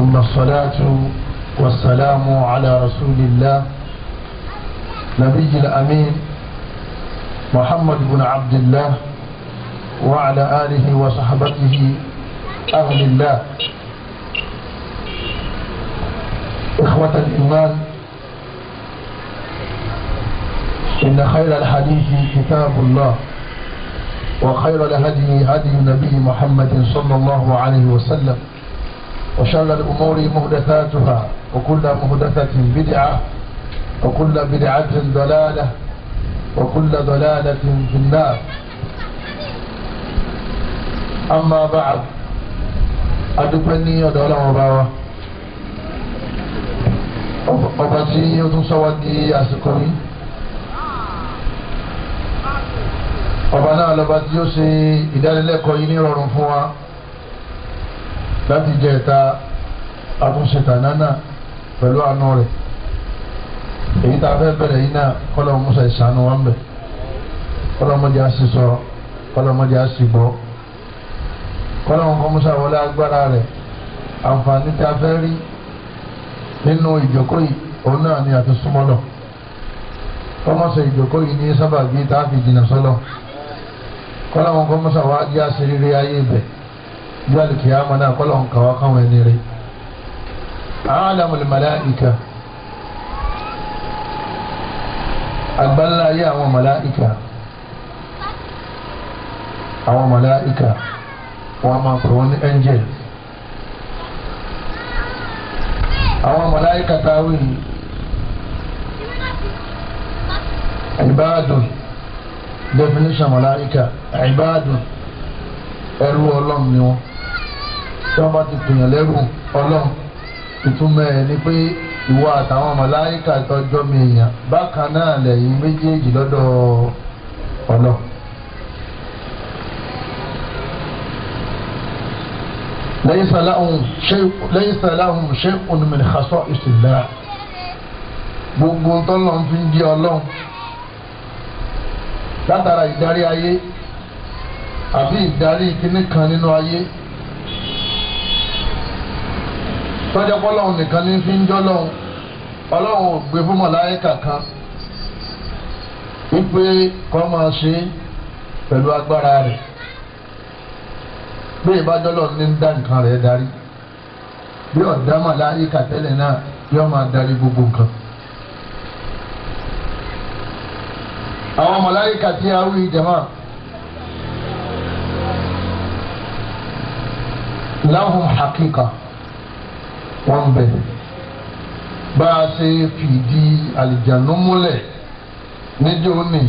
ثم الصلاة والسلام على رسول الله نبي الأمين محمد بن عبد الله وعلى آله وصحبته أهل الله إخوة الإيمان إن خير الحديث كتاب الله وخير الهدي هدي النبي محمد صلى الله عليه وسلم وشر الأمور محدثاتها وكل محدثة بدعة وكل بدعة ضلالة وكل ضلالة في النار أما بعد أدبني ودولا مباوة أبتي يتسودي أسكري ọba náà lọba tí ó ṣe láti jẹ ẹ̀ta àtúnṣetàná náà pẹ̀lú àánú rẹ̀ èyí tá a fẹ́ bẹ̀rẹ̀ yìí náà kọ́lọ́ musa ìsànú wa ń bẹ̀ kọ́lọ́ mọ́jà sì sọ̀rọ̀ kọ́lọ́ mọ́jà sì gbọ́ kọ́lọ́ kọ́ musa wọlé agbára rẹ̀ àǹfààní tá a fẹ́ rí nínú ìjókòó yìí òun náà ni àti súnmọ́ lọ kọ́mọ́sẹ̀ ìjókòó yìí ní sábàbí tá a fi jìnnà sọ́lọ̀ kọ́lọ́ kọ́ musa wá jẹ́ àṣírí rí ayé bẹ̀ gbàlù kì á mọ náà kọ́ lọ́n kàwá káwọn ẹni rí alamul malaika agbáńlá ayé àwọn malaika àwọn malaika wọn máa pè wọn ní angel àwọn malaika táwọn ibadun definition malaika ibadun ẹrú ọlọ́run ni wọn tí wọ́n bá ti pèèyàn lẹ́rù ọlọ́run ìtumọ̀ ẹ̀ ni pé ìwọ àtàwọn màláíkà tọjọ́ mi èèyàn bákan náà lẹ́yìn méjèèjì lọ́dọ̀ ọlọ́run. ليس لهم شيء ليس لهم شيء من خصائص الله gbogbo tọ́lọ́n fi ń di ọlọ́run látara ìdarí ayé àbí ìdarí kíní kan nínú ayé tọ́jọ́ pọ́lọ́hún nìkan ní fi ń jọ́lọ́hún ọlọ́hún ò gbé fún màláíkà kan wípé kọ́ máa ṣe pẹ̀lú agbára rẹ̀ bí ìbájọ́lọ́ ní ń dá nǹkan rẹ̀ darí bí ọ̀dá màláíkà tẹ́lẹ̀ náà yóò máa darí gbogbo nǹkan. àwọn màláíkà tí a wí jama lahum hakika. wọ́n bẹ̀ bá a ṣe fìdí àlìjánu múlẹ̀ níjó ní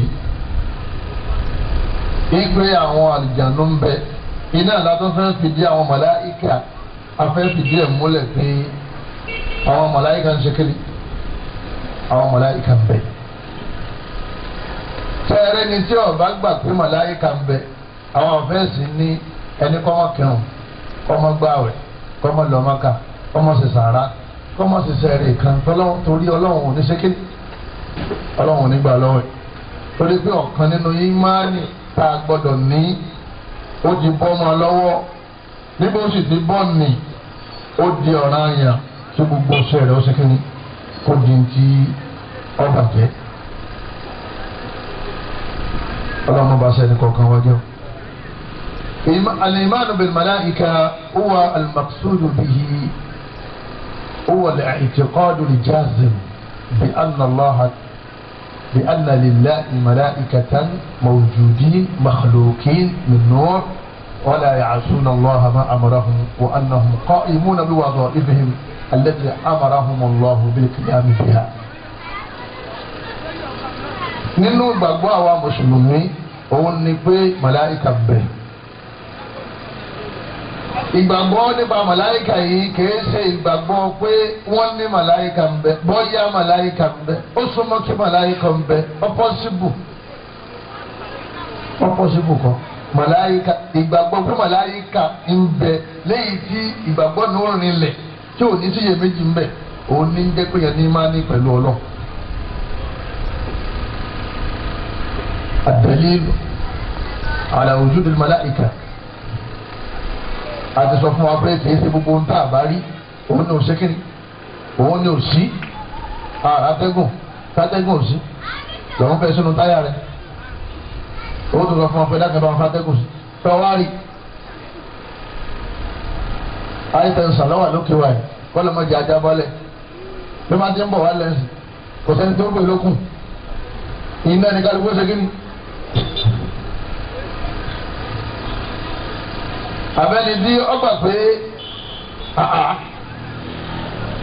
ìgbé àwọn àlìjánu ń bẹ iná ìlàtọ́ fẹ́ fìdí àwọn màláìkà afẹ́ fìdí ẹ̀ múlẹ̀ pé àwọn màláìkà ń ṣe kiri àwọn màláìkà ń bẹ tẹ́rẹ́ ni tí ọba gbà pé màláìkà ń bẹ àwọn ọ̀fẹ́sì ní ẹni kọ́mọkẹ́hùn kọ́mọgbàwẹ̀ kọ́mọlọ́mọkà kọ́mọ sàrà kọ́mọ sì sẹ̀rẹ̀ kan torí ọlọ́run ò ṣe kéde ọlọ́run ò ní gbà torí pé ọ̀kan nínú ìmánì tá a gbọ́dọ̀ ní ó ti bọ́ ọmọ níbo sì ti bọ́ nì ó di ọ̀ràn àyàn tí gbogbo sẹ̀rẹ̀ ó ṣe kéde kó di ti ọba jẹ́ ọlọ́run bá sẹ́ni kọ̀ọ̀kan wájú. الإيمان بالملائكة هو المقصود به هو الاعتقاد الجازم بأن الله بأن لله ملائكة موجودين مخلوقين من نور ولا يعصون الله ما أمرهم وأنهم قائمون بوظائفهم التي أمرهم الله بالقيام بها nínú gbàgbọ́ àwa mùsùlùmí òun ni pé màláìka bẹ̀rẹ̀ ìgbàgbọ́ nípa màláìka yìí kìí ṣe ìgbàgbọ́ pé wọ́n ní màláìka ń bẹ bọ́yá màláìka ń bẹ ó súnmọ́ kí màláìka ń bẹ ọ̀pọ̀sibù ọ̀pọ̀sibù kan màláìka ìgbàgbọ́ pé màláìka ń bẹ léyìí tí ìgbàgbọ́ ní tí ò ní méjì ń bẹ òun a ti sọ fún wa pé kìí ṣe gbogbo ohun tá a bá rí òun ni òṣèkìrì òun ni òsí àtẹ́gùn tátẹ́gùn òsí lọ́wọ́n fẹ́ sínú táyà rẹ̀ òun tó sọ fún wa pé dákẹ́ bá wọn fátẹ́gùn sí fẹ́ wá rí àìsàn sàlọ́wà lókè wa yìí kọ́lọ́ mọ́jà ajá bọ́lẹ̀ bí wọ́n ti ń bọ̀ wá lẹ́sìn kò sẹ́ni tó ń pè lókun ìná ni kálukú ṣe kí abẹ́ni tí ọgbà pé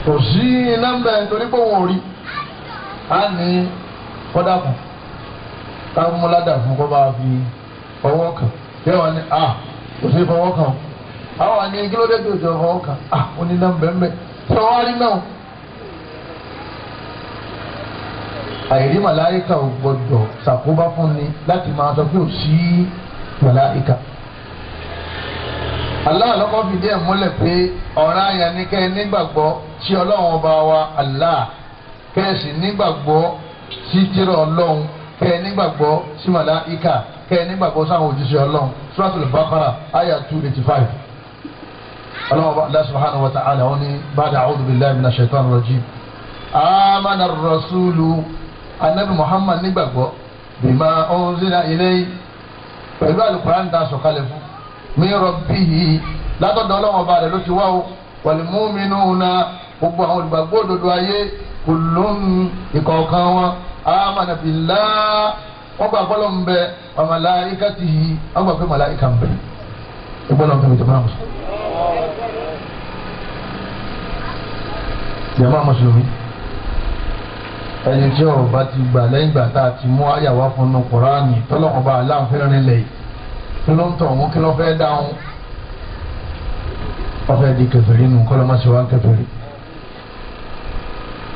kò sí iná ń bẹ torí pé òun rí a ní kọ́dà kù táwọn múládà fún kó bá fi ọwọ́ kàn yẹ wọn ni a kò sí fọwọ́ a àwọn àní kí ló dé tó jọ fọwọ́ kàn a ó ní iná ń bẹ ń bẹ sọ wá rí náà. àìrí màláìka ò gbọdọ̀ ṣàkóbá fún ni láti máa sọ pé ò sí màláìka. Allah lọ́kọ́ fìdí ẹ̀ múlẹ̀ pé ọ̀ràn àyà ni kẹ́ ẹ nígbàgbọ́ tí ọlọ́run ọba wa Allah kẹ́ ẹ sì nígbàgbọ́ sí tírà ọlọ́run kẹ́ ẹ nígbàgbọ́ sí màláíkà kẹ́ ẹ nígbàgbọ́ sáwọn òjíṣẹ́ ọlọ́run Suratul Baqara àyà two eighty five. ọlọ́run ọba Allah subhanahu wa ta'ala wọn ni ba'da a'udhu billahi minash shaitanir rajim. amana rasulu anabi muhammad nígbàgbọ́ bima unzila ilayhi pẹ̀lú àlùkùránì tá a sọ̀kalẹ̀ fún min rabbihi látọ̀dọ̀ ọlọ́wọ́n ọba rẹ̀ ló ti wá o wal mu'minuna gbogbo àwọn olùgbàgbọ́ òdodo ayé kullun ìkọ̀ọ̀kan wọn amana billah wọ́n gbà fọlọ́ ń bẹ wa malaikatihi wọ́n gbà pé màláìka ń bẹ ìgbọ́dọ̀ ń bẹ jàmá mùsùlùmí. jàmá mùsùlùmí ẹni tí ọ̀rọ̀ bá ti gbà lẹ́yìn gbà tá a ti mú àyàwá fún un Kùránì tọ́lọ́kọ̀ọ́ba aláǹfẹ́ rinlẹ̀ yìí kí ló ń tọ̀ wọn kí ló fẹ́ dáhùn wọ́n fẹ́ di kèfèrí nù kọ́ ló má ṣe wá kèfèrí.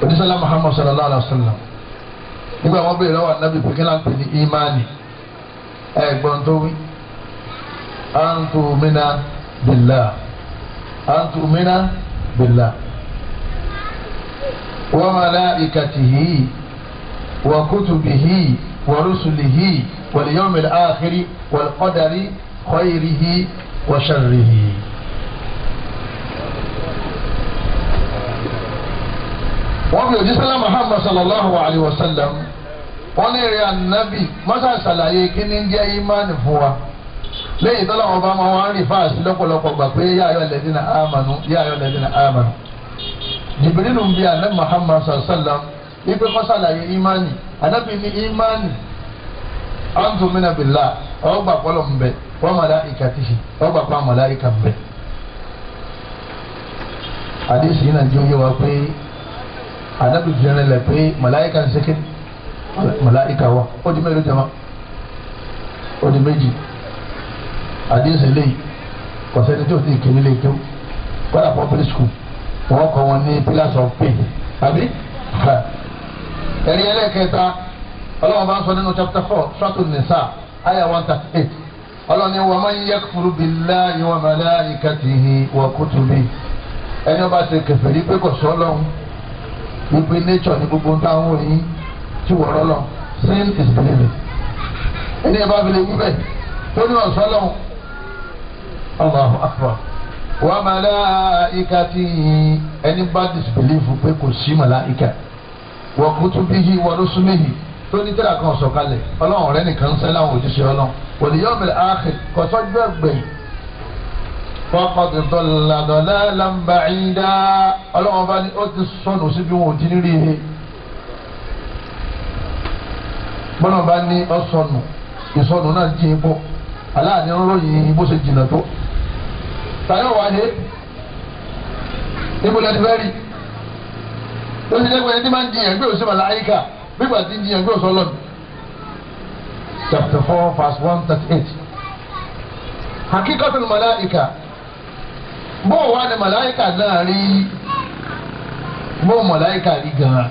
onísàlá muhammad sallallahu alayhi wa sallam nígbà wọn bèrè lọ́wọ́ anabi pèkínlá ń pè ní imani ẹ̀gbọ́n tó wí antu mina billah antu mina billah wa malaikatihi wa kutubihi. ورسله واليوم الآخر والقدر خيره وشره wọ́n fi òjíṣẹ́ náà Muhammad sallallahu alayhi wa sallam wọ́n lè rí ànábì mọ́sá ṣàlàyé kí ni jẹ́ ìmánì fún wa lẹ́yìn tó lọ́wọ́ bá máa wá ń rí fáàsì lọ́pọ̀lọpọ̀ gbà pé yá ayọ̀ lẹ́dínà àmànú yá ayọ̀ lẹ́dínà àmànú jìbìrínù ń bí ànábì Muhammad sallallahu alayhi wa sallam wípé kọ́ sàlàyé ìmánì ànábì ní ìmánì antumina billah ọgbà pọlọ mbẹ wọn màláìka tìhì ọgbà pa màláìka mbẹ. àdéhùn yìí náà jẹ́ òye wa pé ànábì jẹrẹ lẹ pé màláìka ń sẹ́kẹ́ màláìka wa ó di mẹ́rin jama ó di méjì àdéhùn lẹ́yìn kọ̀sẹ́ni tó ti kéwì lè kéwì kọ́lá public school wọ́n kọ́ wọn ní pillars of pain àbí ẹni ẹlẹ́kẹta ọlọ́run bá ń sọ nínú chapter four suratul nisa aya one thirty eight ọlọ́run ni wa man yakfuru billahi wa malaikatihi wa kutubihi ẹni ọba ṣe kèfèrí pé kò sọ gbogbo nature ni gbogbo táwọn òyìn ti wọ̀ ọ́ sin is believing ẹni ẹ bá fi lè wí bẹ́ẹ̀ tó ní ọ̀sán lọ́hùn Allahu akbar wa malaikatihi ẹni bá disbelieve pé kò sí màláìka wa kutubihi wa rusulihi tó ní tíra kan sọ̀kalẹ̀ ọlọ́run rẹ nìkan ń sẹ́lá àwọn òjíṣẹ́ ọlọ́run wal yawmil akhir kọ́sọ́jọ́ gbẹ̀yìn faqad dalla dalalan ba'ida ọlọ́run bá ní ó ti sọnù síbi wọn ò ti nírí he bọ́nà bá ní ọ̀sọ̀nù ìsọnù náà jí ipò aláàní ròyìn bó ṣe jìnnà tó tayọ̀ wá he níbo lẹ́ni fẹ́ rí i tó ti dẹ́gbẹ́ ẹni máa ń jiyàn gbé òsì màláyíkà bígbà tí ń jiyàn gbé òsì ọlọ́run. chapter four verse one thirty eight hakikatul màláyíkà bóò wá ni màláyíkà náà rí bóò màláyíkà rí gan-an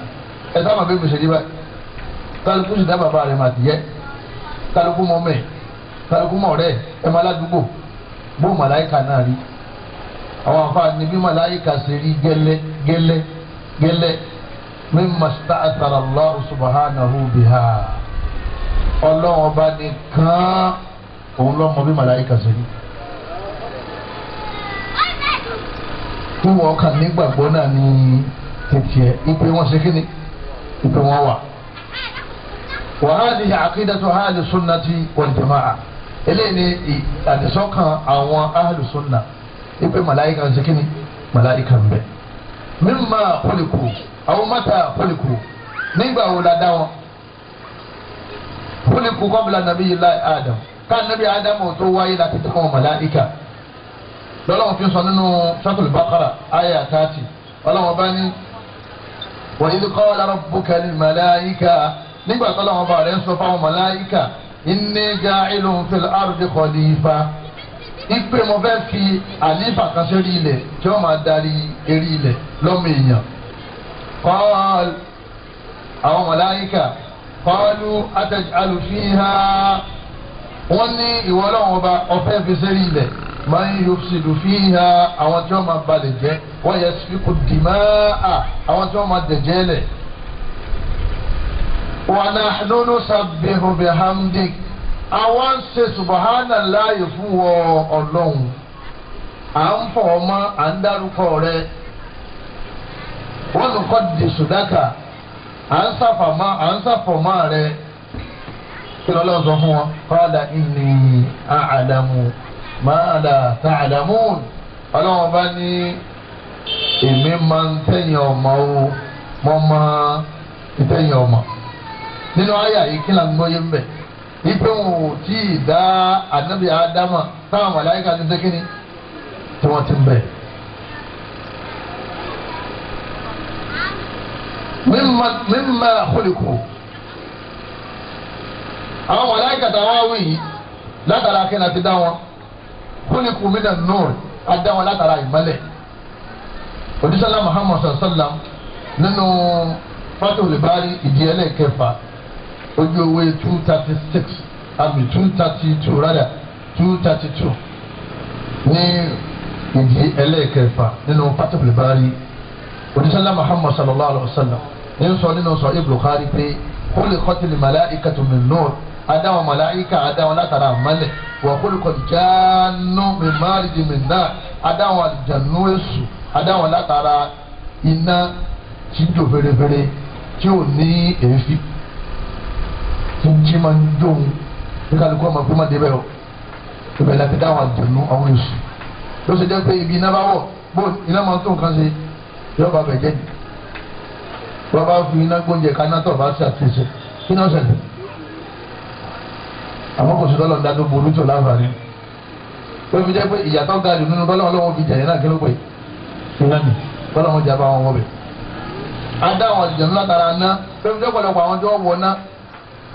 ẹ sábà bí mo ṣe dé báyìí kálukú sì dá bàbá rẹ̀ màtìyẹ́ kálukú mọ́ mẹ́ẹ̀ kálukú mọ̀ rẹ̀ ẹ máa ládùúgbò bó màláìka náà rí àwọn afáàní bí màláìka ṣe rí gẹ́lẹ́ gẹ́lẹ́ gẹ́lẹ́ mímọ sítàtàrà Allah subhanahu biha ọlọ́run ọba nìkan òun lọ́mọ bí màláyíkà ṣe rí. tí wọ́n kàn nígbàgbọ́ náà ní tẹ̀tẹ̀ ipe wọn ṣe kíni ipe wọn wà. وهذه عقيدة أهل السنة والجماعة eléyìí ni àdìsọ́kàn àwọn ahlùsùnà ipe màláìka ń sekínì màláìka ń bẹ. mímà kólíkù àwọn mọ́tà kólíkù nígbà wo la dá wọn kólíkù kọ́bìlà nàbí yìí láì Adam ká nàbí Adam ò tó wáyé láti tó wọn màláìka lọ́lọ́wọ́n fi sọ nínú sọ́tò bàkàrà ayé àtàtì ọlọ́wọ́n bá ní wa idh qala rabbuka lil màláìka nígbà tó lọ́wọ́n bá rẹ̀ ń sọ fáwọn màláìka inni ja'ilun fil ardi khalifa wípé mo fẹ́ fi àlífà kan sórí ilẹ̀ tí wọ́n máa darí eré ilẹ̀ lọ́mọ èèyàn. kọ́ọ̀l àwọn màláíkà kọ́ọ̀lù ataj'alu fiha wọ́n ní ìwọ ọlọ́run ọba ọ̀fẹ́ fi sórí ilẹ̀ máa ń yọ̀sídù fiha àwọn tí wọ́n máa balẹ̀ jẹ́ wọ́n yẹ sípò dìmáà àwọn tí wọ́n máa dẹ̀jẹ́ lẹ̀. wa nahnu nusabbihu bihamdik. àwọn ń ṣe subahana láàyè fún ọ ọlọ́run à ń fọ ọmọ à ń dárúkọ rẹ wọn di sùdákà à ń sàfàmà à ń sàfọ̀mà rẹ kí lọ́lọ́ sọ fún wọn qala inni a'lamu ma la ọlọ́run bá ní èmi máa ń tẹ̀yìn ọmọ o mo máa ń tẹ̀yìn ọmọ nínú kí là ń wípé wọn ò tí ì dá ànábì ádámà táwọn màláìka ti sékìní tí wọ́n ti ń bẹ̀. mímà kúlìkù àwọn màláìka táwọn awé yìí látara kí n àti dá wọn kúlìkù mí nà nù adá wọn látara ìmọ́lẹ̀ òdìsọ́lá muhammadu sallam nínú fatu libari ìdí ẹlẹ́kẹfà ojú owó two thirty six àbí two thirty two rather two thirty two ní ìdí ẹlẹ́ẹ̀kẹfà nínú pátákìlì báyìí oníṣẹ́lá muhammad sallallahu alayhi wa sallam ní sọ nínú sọ ibùdó kárí pé kólé kọ́tìlì màláìka tó mi nù adáwọn màláìka adáwọn látara àmàlẹ̀ wà kólé kọ́tìlì jáánú mi máàlì di mi náà adáwọn àlìjánu èṣù adáwọn látara iná tí dò fèrèfèrè tí ò ní èéfín tí ma ń dùn bí kálukú ọmọ pé má débẹ̀ o ìbẹ̀ láti dá àwọn àdùnnú àwọn èṣù ló ṣe jẹ́ pé ibi iná bá wọ̀ bó iná máa ń tó nǹkan ṣe yọba bẹ̀jẹ̀ ni wọ́n bá fi iná gbóúnjẹ kaná tó bá ṣàtúnṣe iná ṣẹlẹ̀ àwọn kò sí lọ́lọ́ ń dájú burú tó láǹfààní ó fi jẹ́ pé ìyàtọ̀ ga jù nínú bọ́lá ọlọ́wọ́ fi jẹ̀yẹ́ náà kí ló iná ni bọ́lá wọn jà bá wọn wọ̀ bẹ̀. adá àwọn ná ó fi jẹ́ pọ̀lọpọ̀ àwọn tí wọ́n wọ̀ náà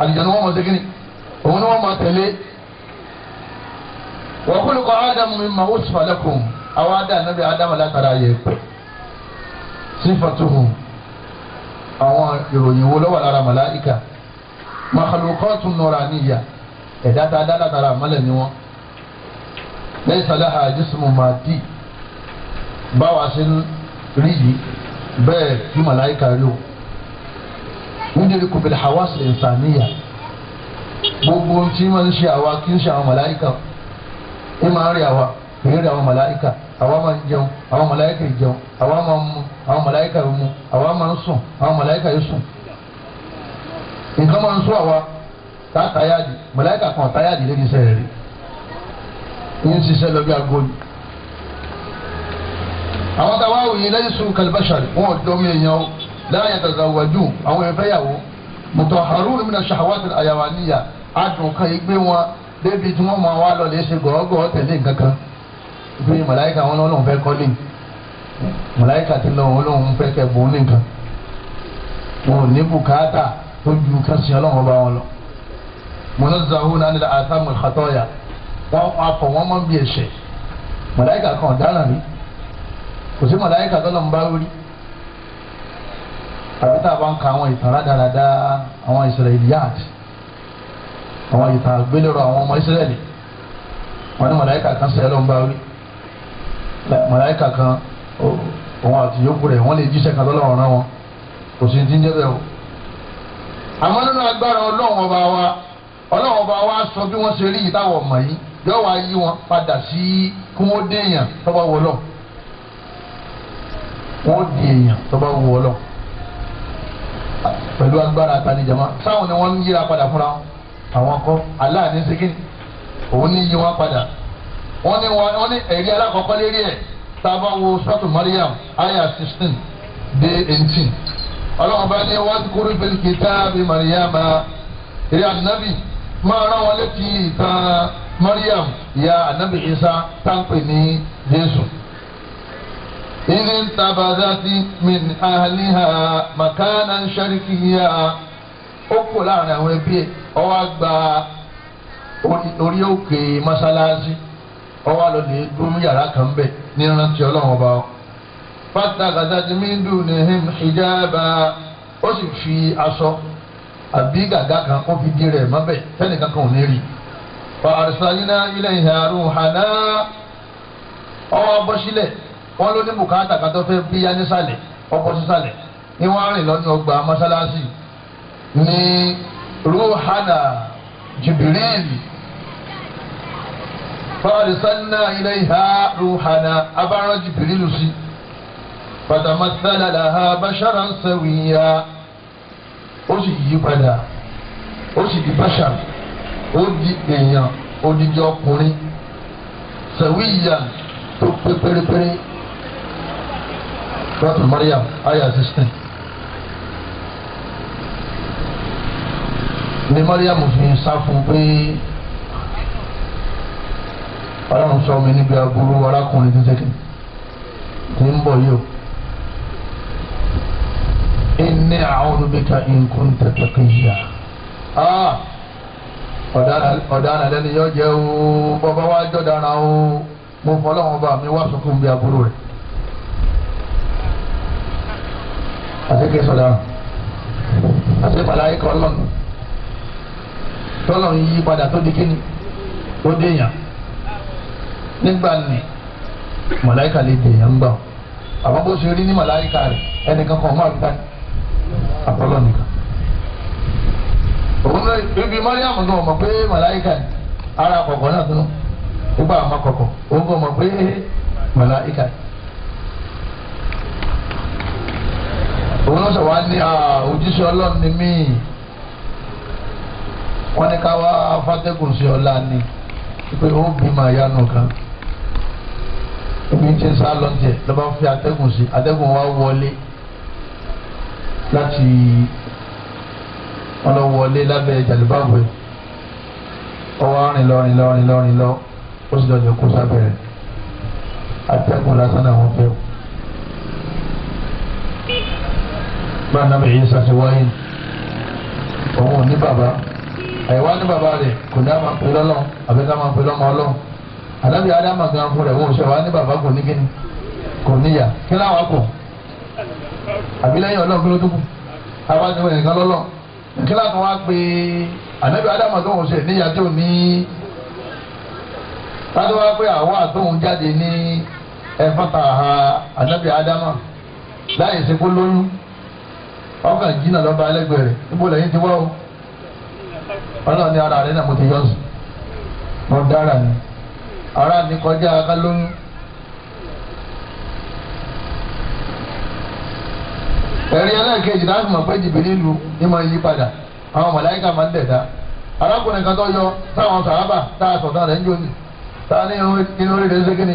àlìjáde wọn máa ṣe kíni òun ni wọn máa tẹ̀lé wa khuluqa ádámù mimma wusfa lakum àwọn ádámù nàbẹ ádámù látara yẹ pẹ sífàtúhù àwọn ìròyìn wo lọ́wọ́ lára màláìka makhluqatun nuraniyya ẹ̀dá tá a dá látara àmọ́lẹ̀ ni wọ́n lẹ́yìn sàlẹ́hà jismu màdì báwa ṣe ń rí yìí bẹ́ẹ̀ bí màláìka rí o nídìrí kò fìlẹ̀ hawa sílẹ̀ ìsàníyà gbogbo tí wọ́n ń ṣe àwa kì í ṣe àwọn màláìka ó máa ń rí àwa kì í rí àwọn màláìka àwa máa ń jẹun àwọn màláìka yìí jẹun àwa máa ń mu àwọn màláìka yìí mu àwa máa ń sùn àwọn màláìka yìí sùn nǹkan máa ń sún àwa tá táyàdì màláìka kan táyàdì lé ní sẹ́yìn rí ń ṣiṣẹ́ lọ bí aago àwọn táwa wòye lẹ́yìn sùn kalibashari wọn ò dọ́ mi èèyàn o láàyè tàzàwájú àwọn ìfẹ́yàwó mọ̀tò haruna mina ṣahawati ayawaniya adùn kan igbe wọn débi tí wọ́n máa wá lọ lè ṣe gọ́ọ́gọ́ tẹ̀lé nǹkankan bí màláìka wọn lọ́nà fẹ́ kọ́lé màláìka ti lọ wọn lọ́nà fẹ́ kẹ́ bọ́ nìkan wọn ò ní bùkátà tó ju kásì ọlọ́run bá wọn lọ. munazzahuna anil athamu al-khatoya wọn afọ wọn mọ bí ẹ̀ṣẹ̀ màláìka kan ọ̀daràn rí kò sí màláìka tó lọ́nà bá rí àbí tá a bá ń ka àwọn ìtàn rádaràda àwọn Israiliyat àwọn ìtàn àgbélẹ̀rọ àwọn ọmọ Israẹli wọn ní màláìka kan sẹ́yìn ló ń bá wí màláìka kan òun àti yòókù rẹ̀ wọ́n lè jíṣẹ́ kan lọ́wọ́ ọ̀ràn wọn kò sí ti ń jẹ́ bẹ́ẹ̀ o. àmọ́ nínú agbára ọlọ́run ọba wa ọlọ́run ọba wa sọ bí wọ́n ṣe rí yìí táwọn ọmọ yìí yóò wá yí wọn padà sí kí èèyàn tó bá wọ́n di èèyàn tó bá pẹ̀lú agbára àtàlẹ́jàmá sáwọn ni wọ́n ń yíra padà fúnra wọn àwọn kọ́ aláàní síkìn òun ní yí wọn padà wọ́n ní wọ́n ní ẹ̀rí alákọ̀ọ́kọ́ lérí ẹ̀ tá a bá wo sọ́tù Mariam aya sixteen dé eighteen ọlọ́run bá ní wọ́n ti kúrú pẹ̀lú kìtà bí Mariam eré anabi máa rán wọn létí ìtàn Mariam ìyá anabi Isa táǹpẹ̀ ní Jésù. إذ انتبذت من أهلها مكانا شرقيا ọkọ láàrin àwọn ẹbí ẹ ọwọ àgbà orí òkè mọ́sálásí ọwọ àlọlẹ dúró yàrá kan bẹ ní rántí Ọlọ́run ọba fatagazati min dunihim hijaba ó sì fi aṣọ àbí gàgá kan ó fi di fa na wọ́n ló ní ka kátó fẹ́ bíyá nísàlẹ̀ ọkọ̀ sísàlẹ̀ ní wọ́n rìn lọ́nà ọgbà mọ́sálásì ní ruhana ilẹ̀ ìhà ruhana abáràn jibril sí pàtàmásálà ha bàṣàrà ń ó sì yí padà ó sì di ó di èèyàn ọkùnrin tó pé pérépéré. sọ́tù Maryam ayà sixteen. ní Maryam fi sá fún pé ọlọ́run sọ mi níbi aburú arákùnrin tó tẹ́kẹ̀ tí ń bọ̀ yìí o. inni a'udhu bika in kunta taqiyya ah! ọ̀daràn lẹ́ni yọ jẹ́ o bọ́bá wá jọ̀daràn o mo fọlọ́wọn bá mi wá sọkún bí aburú rẹ̀. así que sọdá àti ìpàdé kọ lọ́nù tọ́lọ̀ padà tó di kíni ó ya nígbà ní màláìka lè déyàn gbà ó àmọ́ bó ṣe rí ní màláìka rẹ̀ ẹnìkan kan máa gbá àtọ́lọ́ nìkan. òun náà ibi mariam náà mọ̀ pé màláìka ara mọ́sá wa ní òjíṣẹ́ ọlọ́run ni mí wọ́n ní ká wá fàtẹ́kùn sí ọlá ni pé ó bímọ ìyanu kan èmi ń ṣe sá lọ́njẹ ló bá fi atẹ́gùn sí atẹ́gùn wa wọlé láti ọlọ́wọlé lábẹ́ jàlúbáwé ọwọ́ rìn lọ rìn lọ rìn lọ rìn lọ ó sì lọ́jọ́ kó sábẹ́rẹ́ atẹ́gùn lásán náà fẹ́ o. bá nàbẹ̀ yìí sase wáyé òun ò ní bàbá àyẹ̀wò ní bàbá rẹ̀ kò ní àmà pẹ̀lú ọlọ́ àbí ká máa pẹ̀lú ọmọ ọlọ́ ànábì ádámà gan fún rẹ̀ wọ́n sọ wá ní bàbá kò ní kíni kò níyà kí láwọn kọ àbí lẹ́yìn ọlọ́run kí ló dúkù àbá ti wọ ẹ̀ka lọ́lọ́ kí láwọn wá pé ànábì ádámà tó wọ́n sọ níyà tó ní tádé wá pé àwọn àtòhún jáde ní ẹ̀fọ́ta ànábì ádámà láyé ìsìnkú lóyún. àwọn kan jí náà lọ́ba ẹlẹ́gbẹ̀ẹ́ rẹ̀ níbo lẹ́yìn ti wá o wọn ní ara rẹ̀ náà mo ti yọ sùn mo dára ni ara mi kọjá aká lóyún. ẹ̀rí ẹlẹ́ẹ̀kejì láti mọ̀ pé jìbìrì lu ní máa yí padà àwọn mọ̀láyíkà máa ń dẹ̀dá arákùnrin kan tó yọ táwọn sàábà tá a sọ̀tàn rẹ̀ ń jóni tá a ní inú rẹ̀ ṣe kíni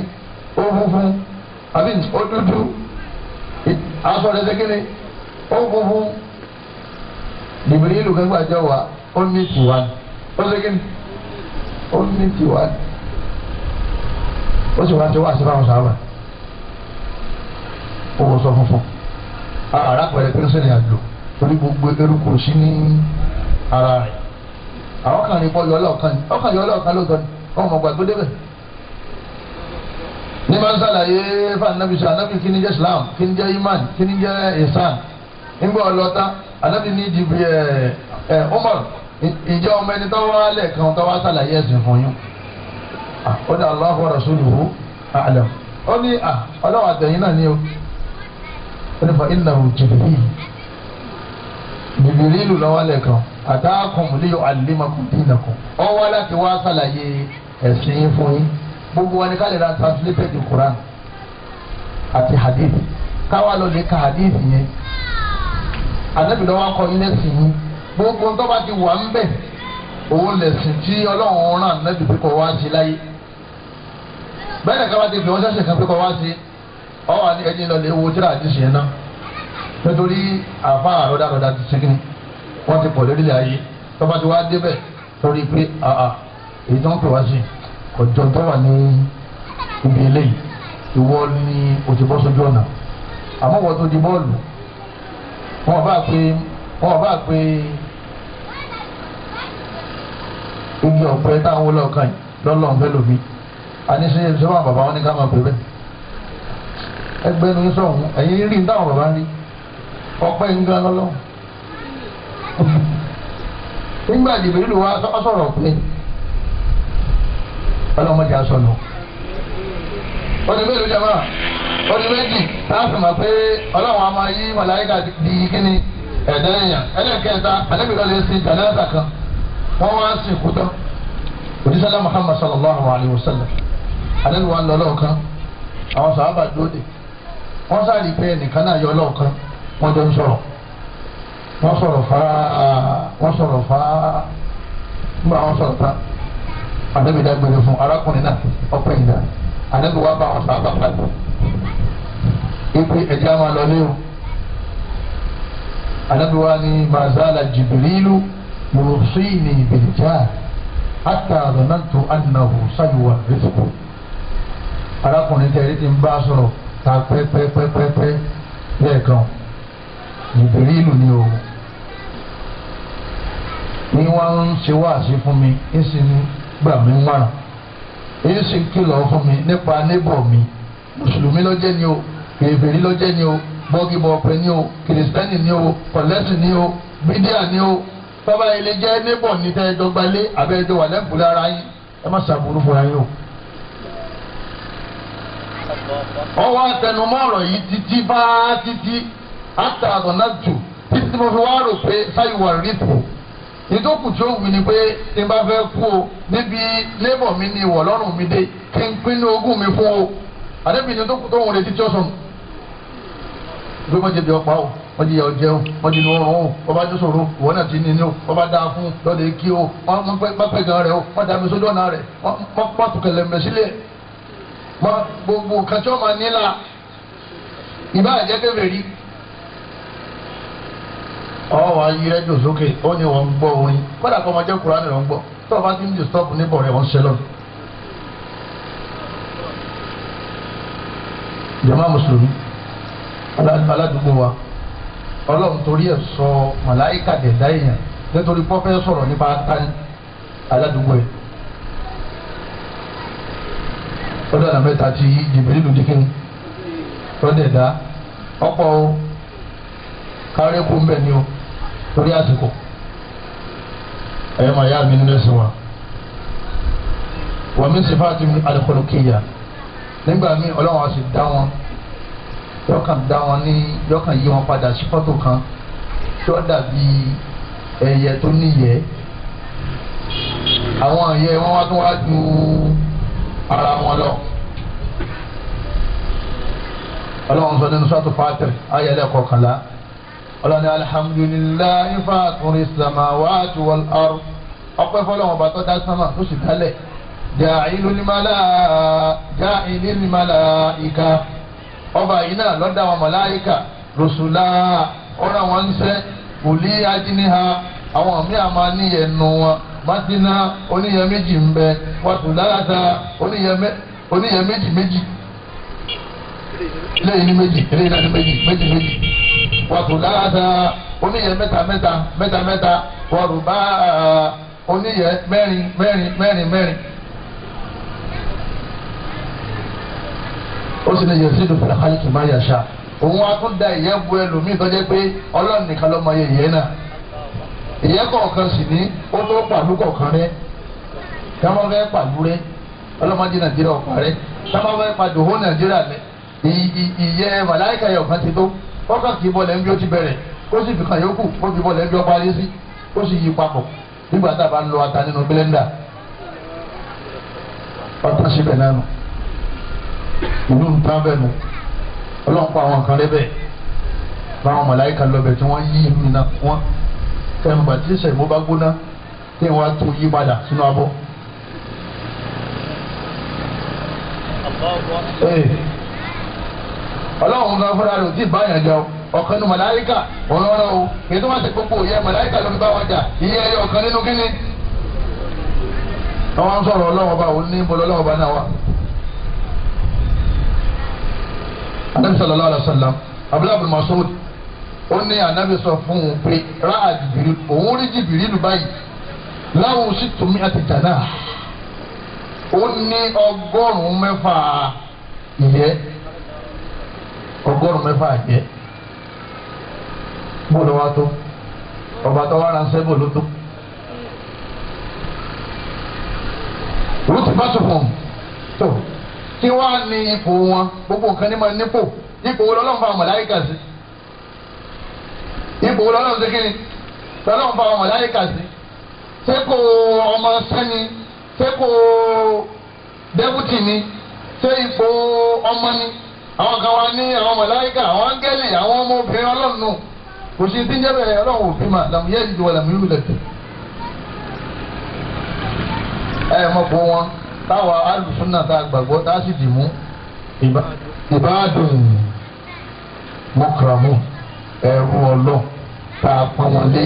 ó funfun àbí ó funfun jìbìrì ìlú kan gbàjọ wa only ní tiwa ó ṣe kíni ó ní tiwa ó sì wá ti wá sí fáwọn sábà ó wọ sọ funfun ara pẹ̀lẹ́ pé ń sẹ́ni àjò torí gbogbo eruku sí ní ara rẹ̀ àwọn kan ní bọ́ yọ ọlọ́ọ̀kan ní ọkàn yọ ọlọ́ọ̀kan ló tọ́ni ọmọ ọgbà tó débẹ̀. ní máa ń sàlàyé fún anabi sọ anabi kí ni jẹ́ islam kí ni jẹ́ iman kí ni jẹ́ isan nígbà ọlọ́tà anábì ní ìdìbò ẹ ẹ Umar ìjọ ọmọ ẹni tọ́wọ́ alẹ́ kan tọ́wọ́ sàlàyé ẹ̀sìn fún yín ó dà Allahu wa rasuluhu a'lam ó ní à ọlọ́wọ́ àtẹ̀yìn náà o ó ní fa innahu Jibril Jibrilu lọ́wọ́ alẹ́ kan ataakum li yu'allimakum dinakum ó wá láti wá sàlàyé ẹ̀sìn fún yín gbogbo wọn ni ká lè ra translated Quran àti hadith káwá lè ka hadith yẹn ànábì lọ́wọ́ akọ yín lẹ́sìn yín gbogbo tó bá ti wà ń bẹ̀ òun lẹ̀sìn tí ọlọ́run rán ànábì pé kò wá sí láyé bẹ́ẹ̀ ni káwá ti fi wọ́n ṣẹ̀ṣẹ̀ kan pé kò wá sí ọwọ́ àti ẹni lọ lè wo tíra àti ṣe ná nítorí àfa àrọ́dàrọ́dà ti ṣe wọ́n ti pọ̀ lórílẹ̀ ayé tó ti wá débẹ̀ torí pé àà èyí tó ń pè wá sí ọjọ́ tó wà ní ibi eléyìí ìwọ ni òtí bọ́ sójú ọ̀nà àmọ́ wọ́n tó di bọ́ọ̀lù wọn bá pé wọn bá pé igi ọ̀pẹ táwọn wọlé ọkàn yìí lọ́lọ́run fẹ́ lómi àníṣe ìṣọ́wọ́ bàbá wọn ní ká máa pè bẹ́ẹ̀ ẹgbẹ́ ní sọ̀hún ẹ̀yìn rí ní táwọn bàbá rí ọpẹ́ nǹkan lọ́lọ́run nígbà jìbìrì ló wá sọ̀rọ̀ pé ọlọ́mọdé aṣọ lọ ọdún mélòó jẹ́ máa ó di méjì láti mọ̀ pé ọlọ́run a máa yí màláyíkà di kíni ẹ̀dá èèyàn ẹlẹ́kẹta àdébìkan lè sin jàdáńsà kan wọ́n wá sí ikú tán Muhammad sallallahu alayhi wa sallam àdébìwá ń lọ lọ́ọ̀kan àwọn sàábà dóde wọ́n sáré pé ẹnìkan náà yọ lọ́ọ̀kan wọ́n jọ ń sọ̀rọ̀ wọ́n sọ̀rọ̀ fa wọ́n sọ̀rọ̀ fa nígbà wọ́n sọ̀rọ̀ tán àdébìdá gbére fún arákùnrin náà ọ̀pẹ̀ ìdá àdébìwá bá wọn sàábà pàdé wípé ẹja máa lọ léwu anabiwa ni mazala jibirilu yusini bilija hatta zanantu annahu sayuwa risiku arákùnrin tẹ̀lé ti ń bá sọ̀rọ̀ ta pẹ́pẹ́pẹ́pẹ́ lẹ́ẹ̀kan jibirilu ni o ni wọ́n ń ṣe wáàsí fún mi ń sì ń gbà mí márùn èyí sì ń kìlọ̀ fún mi nípa níbọ̀ mi mùsùlùmí lọ́jẹ́ ni o kèfèrí ló jẹ́ ni o bọ́gìbọ̀ ọ̀pẹ ni o kìrìsìtẹ́nì ni o pọ̀lẹ́sì ni o bídíà ni o bàbá ilé jẹ́ níbọ̀ ní tẹ́ ẹjọ́ gbalé àbẹ́ ẹjọ́ wà lẹ́kùn lára yín ẹ má ṣàbùrú o. ọwọ́ àtẹnumọ́ ọ̀rọ̀ yìí títí bá títí jù títí mo fi wá rò pé wà ìdókù tí ó wù ní pé tí n bá fẹ́ kú o níbi lébọ̀ mi ni mi n pé wọ́n jẹ̀bi ọ̀pá o wọ́n jẹ̀yà ọ̀jẹ̀ o wọ́n jẹ̀bi ọ̀rọ̀ o wọ́n bá jọ́sọ̀rọ̀ wọ́n náà ti ní ní o wọ́n bá dáa fún lọ́dẹ̀ kí o wọ́n pẹ́ gan rẹ̀ o wọ́n dàbí sójú ọ̀nà rẹ̀ wọ́n pàtó kẹlẹ̀mẹ̀ sílẹ̀ gbogbo nǹkan tí wọ́n máa nílà ìbá àjẹ́ kébè rí. ọwọ́ wa yí rẹ́díò sókè ó ní wọ́n ń gbọ́ orin kódà kó ọmọ jẹ́ kúránì ló ń gbọ́ tó o bá ti ń di stop níbọ̀ rẹ̀ wọ́n ń ṣe lọ́nà. jàmá mùsùlùmí aládùúgbò wa ọlọ́run torí ẹ̀ sọ màláìkà dẹ̀dá èèyàn nítorí pọ́fẹ́ sọ̀rọ̀ nípa tán aládùúgbò ẹ̀ lọ́dọ̀ àná mẹ́ta ti jìbìrìlù dìkín lọ́dẹ̀dá ọ̀pọ̀ o kárẹ́ kó ń bẹ̀ ni o torí àsìkò ẹ̀yọ́ màá yá mi nínú ẹ̀sìn wa wọ́n mi sì fáàtì alùpùpù kìyà nígbà míì ọlọ́run á sì dá wọn yọkàn dá wọn ní yọkàn yí wọn padà sí pọ́tò kan tó dàbí ẹyẹ tó níyẹ́ àwọn ẹyẹ wọn wá tún wá ju ara wọn lọ ọlọ́run sọ nínú sọ́tò fàtẹ́rì ayẹlẹ́ kọkànlá ọlọ́ni alihamudulilayi fàtúrì sàmáwáàtì wọ́n ọ̀rọ̀ ọpẹ́ fọlọ́wọ́n bá tọ́ da sánmà tó sì kálẹ̀ jà ìlú ni màlá jà ìlú ni màlá ìka. ọba yìí náà lọ́dà wọn màláíkà rọ̀ṣùlá na wọn ń sẹ́ kò lé ajíniha àwọn àmì àmà níyẹnu wọn mádínà oníyẹ ń bẹ wàtúndáyàtà oníyẹ méjì méjì ní méjì eléyìí ní méjì méjì méjì wàtúndáyàtà oníyẹ oníyẹ ó sì lè yẹ sí ìdòfin àkàlìkì má yà ṣá òun á tún da ìyẹ́ bu ẹlòmíì tó jẹ́ pé ọlọ́run nìkan ló mọ ìyẹ́ náà ìyẹ́ kọ̀ọ̀kan sì ní ó tó pàlú kọ̀ọ̀kan rẹ káwọn fẹ́ pàlú rẹ ọlọ́mọdé nàìjíríà ọ̀pá rẹ káwọn fẹ́ pàdé òhún nàìjíríà rẹ ìyẹ́ màláìka yẹ ọ̀kan ti tó kọ́kàn kì í bọ̀ lẹ́nu bí ó ti bẹ̀rẹ̀ ó sì fi kàn yókù ó fi bọ̀ lẹ́nu bí ó ata nínú bílẹ́ndà ọ̀tá ìlú nǹkan bẹ́ẹ̀ nù ọlọ́run pa àwọn kan lẹ́bẹ̀ẹ́ báwọn màláíkà lọ́bẹ̀ tí wọ́n yí ìlú náà wọ́n fẹ́ràn bàtí ìṣẹ̀mú bá gbóná kí wọ́n á tún yí padà sínú abọ́. ọlọ́run kan fúnra rẹ̀ ò tí ì báyàn jọ ọ̀kan nu màláíkà ọ̀rọ̀ o kí tó má ti gbogbo ìyẹn màláíkà ló fi bá wọn jà ìyẹn ẹyọ ọ̀kan nínú kínní. àwọn sọ̀rọ̀ ọlọ́run ọba òun ní ìbọn ọlọ́run ọba náà wà. anabi sallallahu alayhi wa sallam abdullahi abu masoud ó ní anabi sọ fún un pé ra jìbìrì òun rí jìbìrì lù báyìí láwọn sì tún mí àti jàdá ó ní ọgọ́rùn-ún mẹ́fà wa tó ọba tó wá ránṣẹ́ bóòlù tó kí wọ́n á ní ipò wọn gbogbo nǹkan ní máa nípò ipò wo lọ́lọ́run fa àwọn sí ipò wo lọ́lọ́run sí kí ni lọ́lọ́run fa àwọn màláíkà sí ṣé kò ọmọ sẹ́ni ṣé kò dẹ́bùtì ni ṣé ipò ọmọ ni àwọn kan wá ní àwọn màláíkà àwọn áńgẹ́lì àwọn ọmọ obìnrin ọlọ́run nù kò sí ti ń jẹ́ bẹ̀rẹ̀ ọlọ́run òfin mà làmúyẹ́ ìdíwọ̀ làmúyẹ́ ìlú lẹ̀ ẹ̀ mọ̀ kó wọn táwa alùsùnà tá a gbàgbọ́ tá a sì dì mú ìbádùn mọ́kàrámù ẹ̀rù ọlọ́ tá a pọ́n wọn lé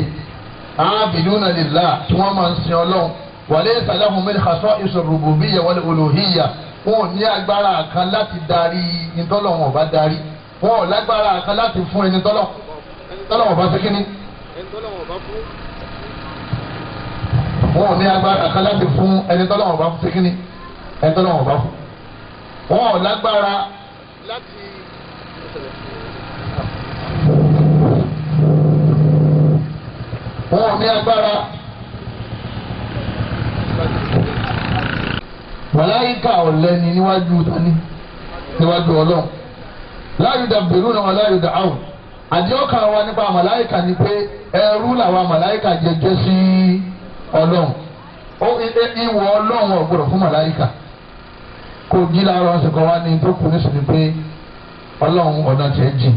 abiduna lillah tí wọ́n máa ń sin ọlọ́run wàlẹ́ ìsàlẹ̀hùn min khasa'is ar-rububiyyah wal uluhiyyah wọn ò ní agbára kan láti darí nítọ́lọ̀ wọn ò bá darí wọn ò lágbára kan láti fún ẹni tọ́lọ̀ tọ́lọ̀ bá ṣe wọn ò ní agbára kan láti fún ẹni tọ́lọ́wọ́n bá fún ẹ̀tọ́ náà wọ́n bá fún wọn ò lágbára láti. wọn ò ní agbára. màláyíkà ọ̀lẹ́ni níwájú tani níwájú ọlọ́run láyé dàbẹ̀rù náà láyé dàáwù àdéhùkà wa nípa màláyíkà ni pé ẹrú làwa màláyíkà jẹjẹ sí ọlọ́run ó ìwọ ọlọ́run ọ̀gbọ̀rọ̀ fún màláyíkà. kó jí láàárọ̀ ọ̀sẹ̀ kan wá ní tó kù ní sùn pé ọlọ́run ọ̀nà tiẹ̀ jì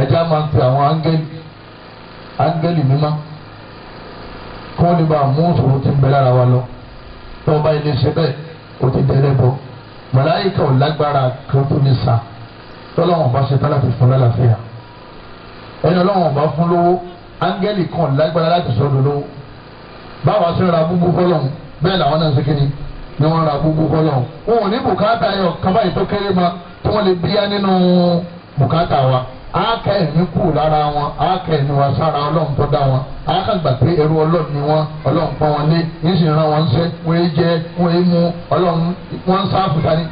ẹ̀já máa ń pe àwọn áńgẹ́lì áńgẹ́lì mímọ́ kí wọ́n lè bá mú òṣòro tí ń bẹ lára wa lọ tó ọba ilé ṣe bẹ́ẹ̀ ó ti dẹ́rẹ́ bọ́ màláyíkà ò lágbára kan tó ní sa tọ́lọ́wọ̀n bá ṣe tálà fi fún lálàáfíà ẹni ọlọ́wọ̀n bá fún lówó áńgẹ́lì kan lágbára láti sọ̀rọ̀ lówó báwa ṣe ra búbú fọlọ́hún bẹ́ẹ̀ làwọn náà ṣe kéde ni wọ́n ra gbogbo fọlọ́ wọn ò ní bùkátà yọ kaba yìí tó kéré ma tí wọ́n lè bíyá nínú bùkátà wa àákẹ́ ẹ̀mí kù lára wọn àákẹ́ ẹ̀mí wa sára ọlọ́run tó dá wọn àákàgbà pé ẹrú ọlọ́run ni wọn ọlọ́run pọ́n wọn lé yìí sì ran wọn ṣẹ́ wọn ẹ jẹ wọn ẹ mu ọlọ́run wọn sáfù dání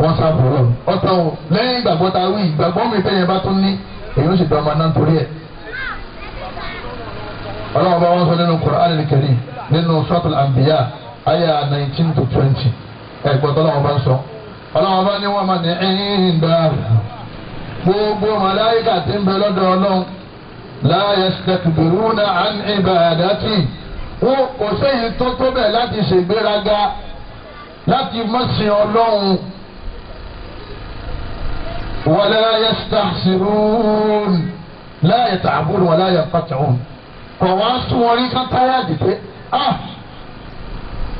wọn sáfù ọlọ́run ọ̀tọ̀ o lẹ́yìn ìgbàgbọ́ ta wí ìgbàgbọ́ mi fẹ́ yẹn bá tún ní èyí ó sì dán ọmọ náà torí ẹ̀ ọlọ́run bá wọn sọ nínú Qur'an al-Karim nínú suratul Anbiya ayà nineteen to twenty ẹ̀gbọ́n tó lọ́wọ́ bá ń sọ ọlọ́wọ́ bá ní wọ́n máa ní ẹ̀yìn dá gbogbo màláìkà tí ń bẹ lọ́dọ̀ ọlọ́run láyé sẹ́kìdìrúnà àn ìbàdàtì wọn kò sẹ́yìn tó tó bẹ̀ láti ṣègbéraga láti mọ̀sìn ọlọ́run wọlé láyé sẹ́kìdìrún láyé tààbùrù wọlé láyé pàtàkùn kọ̀ wá sún wọn rí kátàyà dìde ah.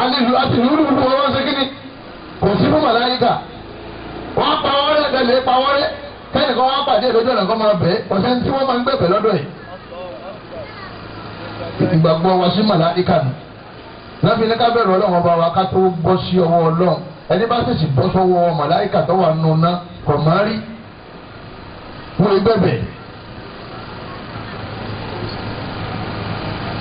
alilu àti lulu gbogbo wọn ṣe kí ni kò sí fún màláyíkà wọn pa wọn rẹ tẹlẹ pa wọn rẹ kẹ́ni kan wọn pàdé ìdójú ọ̀nà kan máa bẹ̀ ọ̀sẹ̀ tí wọ́n máa ń gbẹ̀bẹ̀ lọ́dọ̀ yìí. ìgbàgbọ́ wa sí màláyíkà nù láfi ní ká bẹ̀rù ọlọ́run ọba wa ká tó bọ́ sí ọwọ́ ọlọ́run ẹni bá tẹ̀sí bọ́ sọ́wọ́ màláyíkà tó wà nù ná kọ̀ máa rí wọ́n gbẹ̀bẹ̀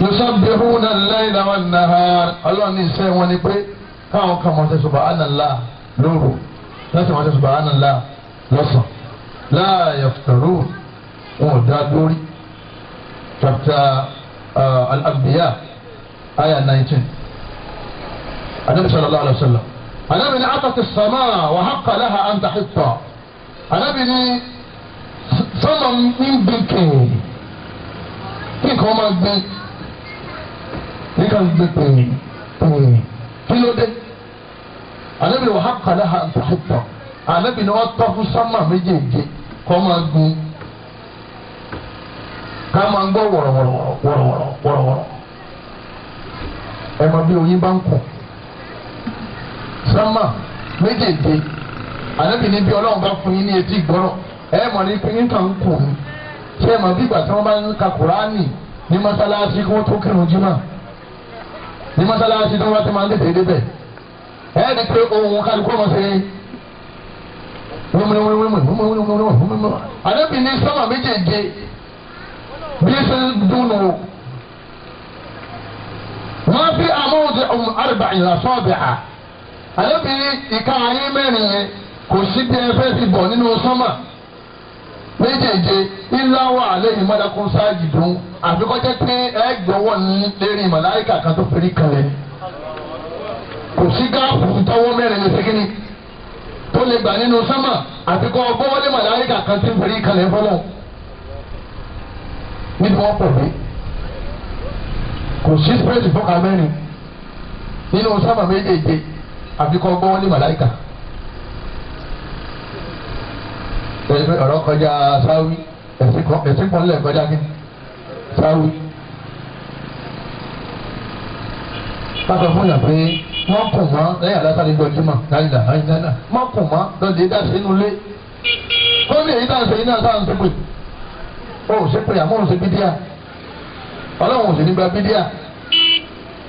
yusabbihuna al-layla wan-nahar ọlọ́run ní iṣẹ́ wọn ni pé káwọn kan máa ṣe subhanallah lóru láti máa ṣe subhanallah lọ́sàn la yaftarun wọn ò dá lórí chapter uh, al-anbiya aya nineteen anabi sallallahu alayhi wa sallam anabi ni atati sama wa haqqa laha an tahitta anabi ni sọlọ ń gbin kèé kí nǹkan máa gbin kan gbé pèmí pèmí kí ló dé anabi wà ha kàlẹ́ ha ntàkìtọ̀ anabi ni wọ́n tọ́ fún sánmà méjèèjì kọ́ máa gun ká máa gbọ́ wọ̀rọ̀wọ̀rọ̀ wọ̀rọ̀wọ̀rọ̀ wọ̀rọ̀wọ̀rọ̀ ẹ máa bí oyin bá ń kọ̀ sánmà méjèèjì anabi ni bí ọlọ́run bá fún yín ní etí gbọ́rọ̀ ẹ mọ̀ ní pé nǹkan ń kù ṣé ẹ mọ̀ bí ìgbà tí wọ́n bá ń ka kùránì ní mọ́sálásí kí tó kírun jímọ̀. ní mọ́sálásí tó wá ti máa ń tètè débẹ̀ ẹ̀ ní pé ohun kálukú ọmọ ṣe àdébìnrin sọ́mà méjèèjì bí dùn ún fi àrùbá à ìka ayé kò sí bí ẹ fẹ́ ti bọ̀ nínú méjèèje ìláwọ̀ alẹ́ yìí mọ́lákún sáàjì dùn àfikọ́jẹ́ pé ẹ gbọ́wọ́ ní lérí màláìkà kan tó fẹ́rí kalẹ̀ kò sí gáàpù tọwọ́ mẹ́rin ní sikini tó lè gbà nínú sámà àfikọ́ gbọ́wọ́lé màláìkà kan tó fẹ́rí kalẹ̀ fọlọ́ níbi wọ́n pọ̀ mí kò sí space fọ́ka mẹ́rin nínú sámà méjèèje àfikọ́ gbọ́wọ́lé màláìkà. torí pé ọ̀rọ̀ kọjá sáwí ẹ̀sìn pọ́nlẹ̀ kọjá kí sáwí. pásọ fún yàn pé wọ́n kùn mọ́ lẹ́yìn alásàlẹ̀ gbọ́júmọ̀ láyìnlá láyìnlá wọ́n kùn mọ́ lọ́dẹ̀ dá sínú ilé ó ní èyí dáhùn sẹ́yìn náà sáà ń sẹ́pẹ̀ ó sẹ́pẹ̀ àmọ́ òun ṣe bídíà ọlọ́run ò sì ní gba bídíà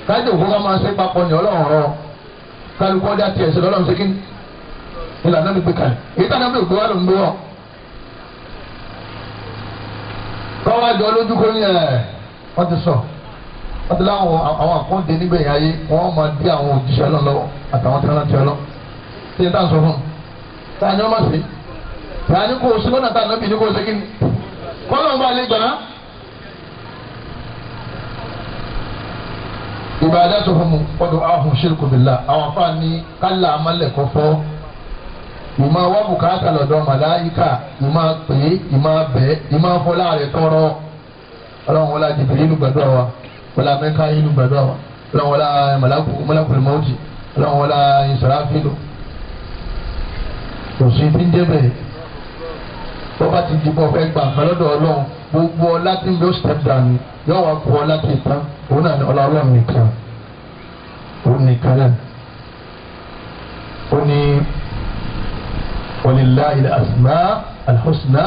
kájọ òkú ká máa ṣe papọ̀ ní ọlọ́run rọ kálukú ọjà tiẹ̀ sí lọ́lọ́run ṣe kí ni ìlànà ló gbé kalẹ̀ èyí tá tọ́wọ́ àjọ lójú kó ní ẹ̀ wọ́n ti sọ wọ́n ti láwọn àwọn àkóńdé nígbẹ̀yìn ayé wọ́n máa dí àwọn òjíṣẹ́ ọlọ́run lọ́wọ́ àtàwọn tí wọ́n ti ọlọ́ tí n tà sọ fún un tí a ní ọmọ sí tí a ní kó o sí lọ́nà tá a nàbì ní kó o sí kíni kọ́lọ́ bá lè gbàná. ìbàdàn sọ fún mu ọdún ahùn ṣe kò bìlà àwọn afáàní kálá amálẹ̀kọ́ fọ́ mo máa wá bùkátà lọ́dọ̀ màláyíkà mo máa pè é mo máa bẹ̀ ẹ́ mo máa fọlá rẹ̀ tọrọ ọlọ́run wọlá jìbìrì ìlú gbàdúrà wa wọlá mẹ́ka ìlú gbàdúrà wa ọlọ́run wọlá mọ̀lákùnrin mọ́tì ọlọ́run wọlá ìsọ̀ráfílù kò sí ń débẹ̀ tó bá ti di bọ́ọ̀fẹ́ gbà kan lọ́dọ̀ ọlọ́run gbogbo ọlá tí yóò step down yóò wá kó ọlá tí tán òun náà ní ọlá ọlọ́run nìkan òun nìkan náà walillahi الأسماء asma al-husna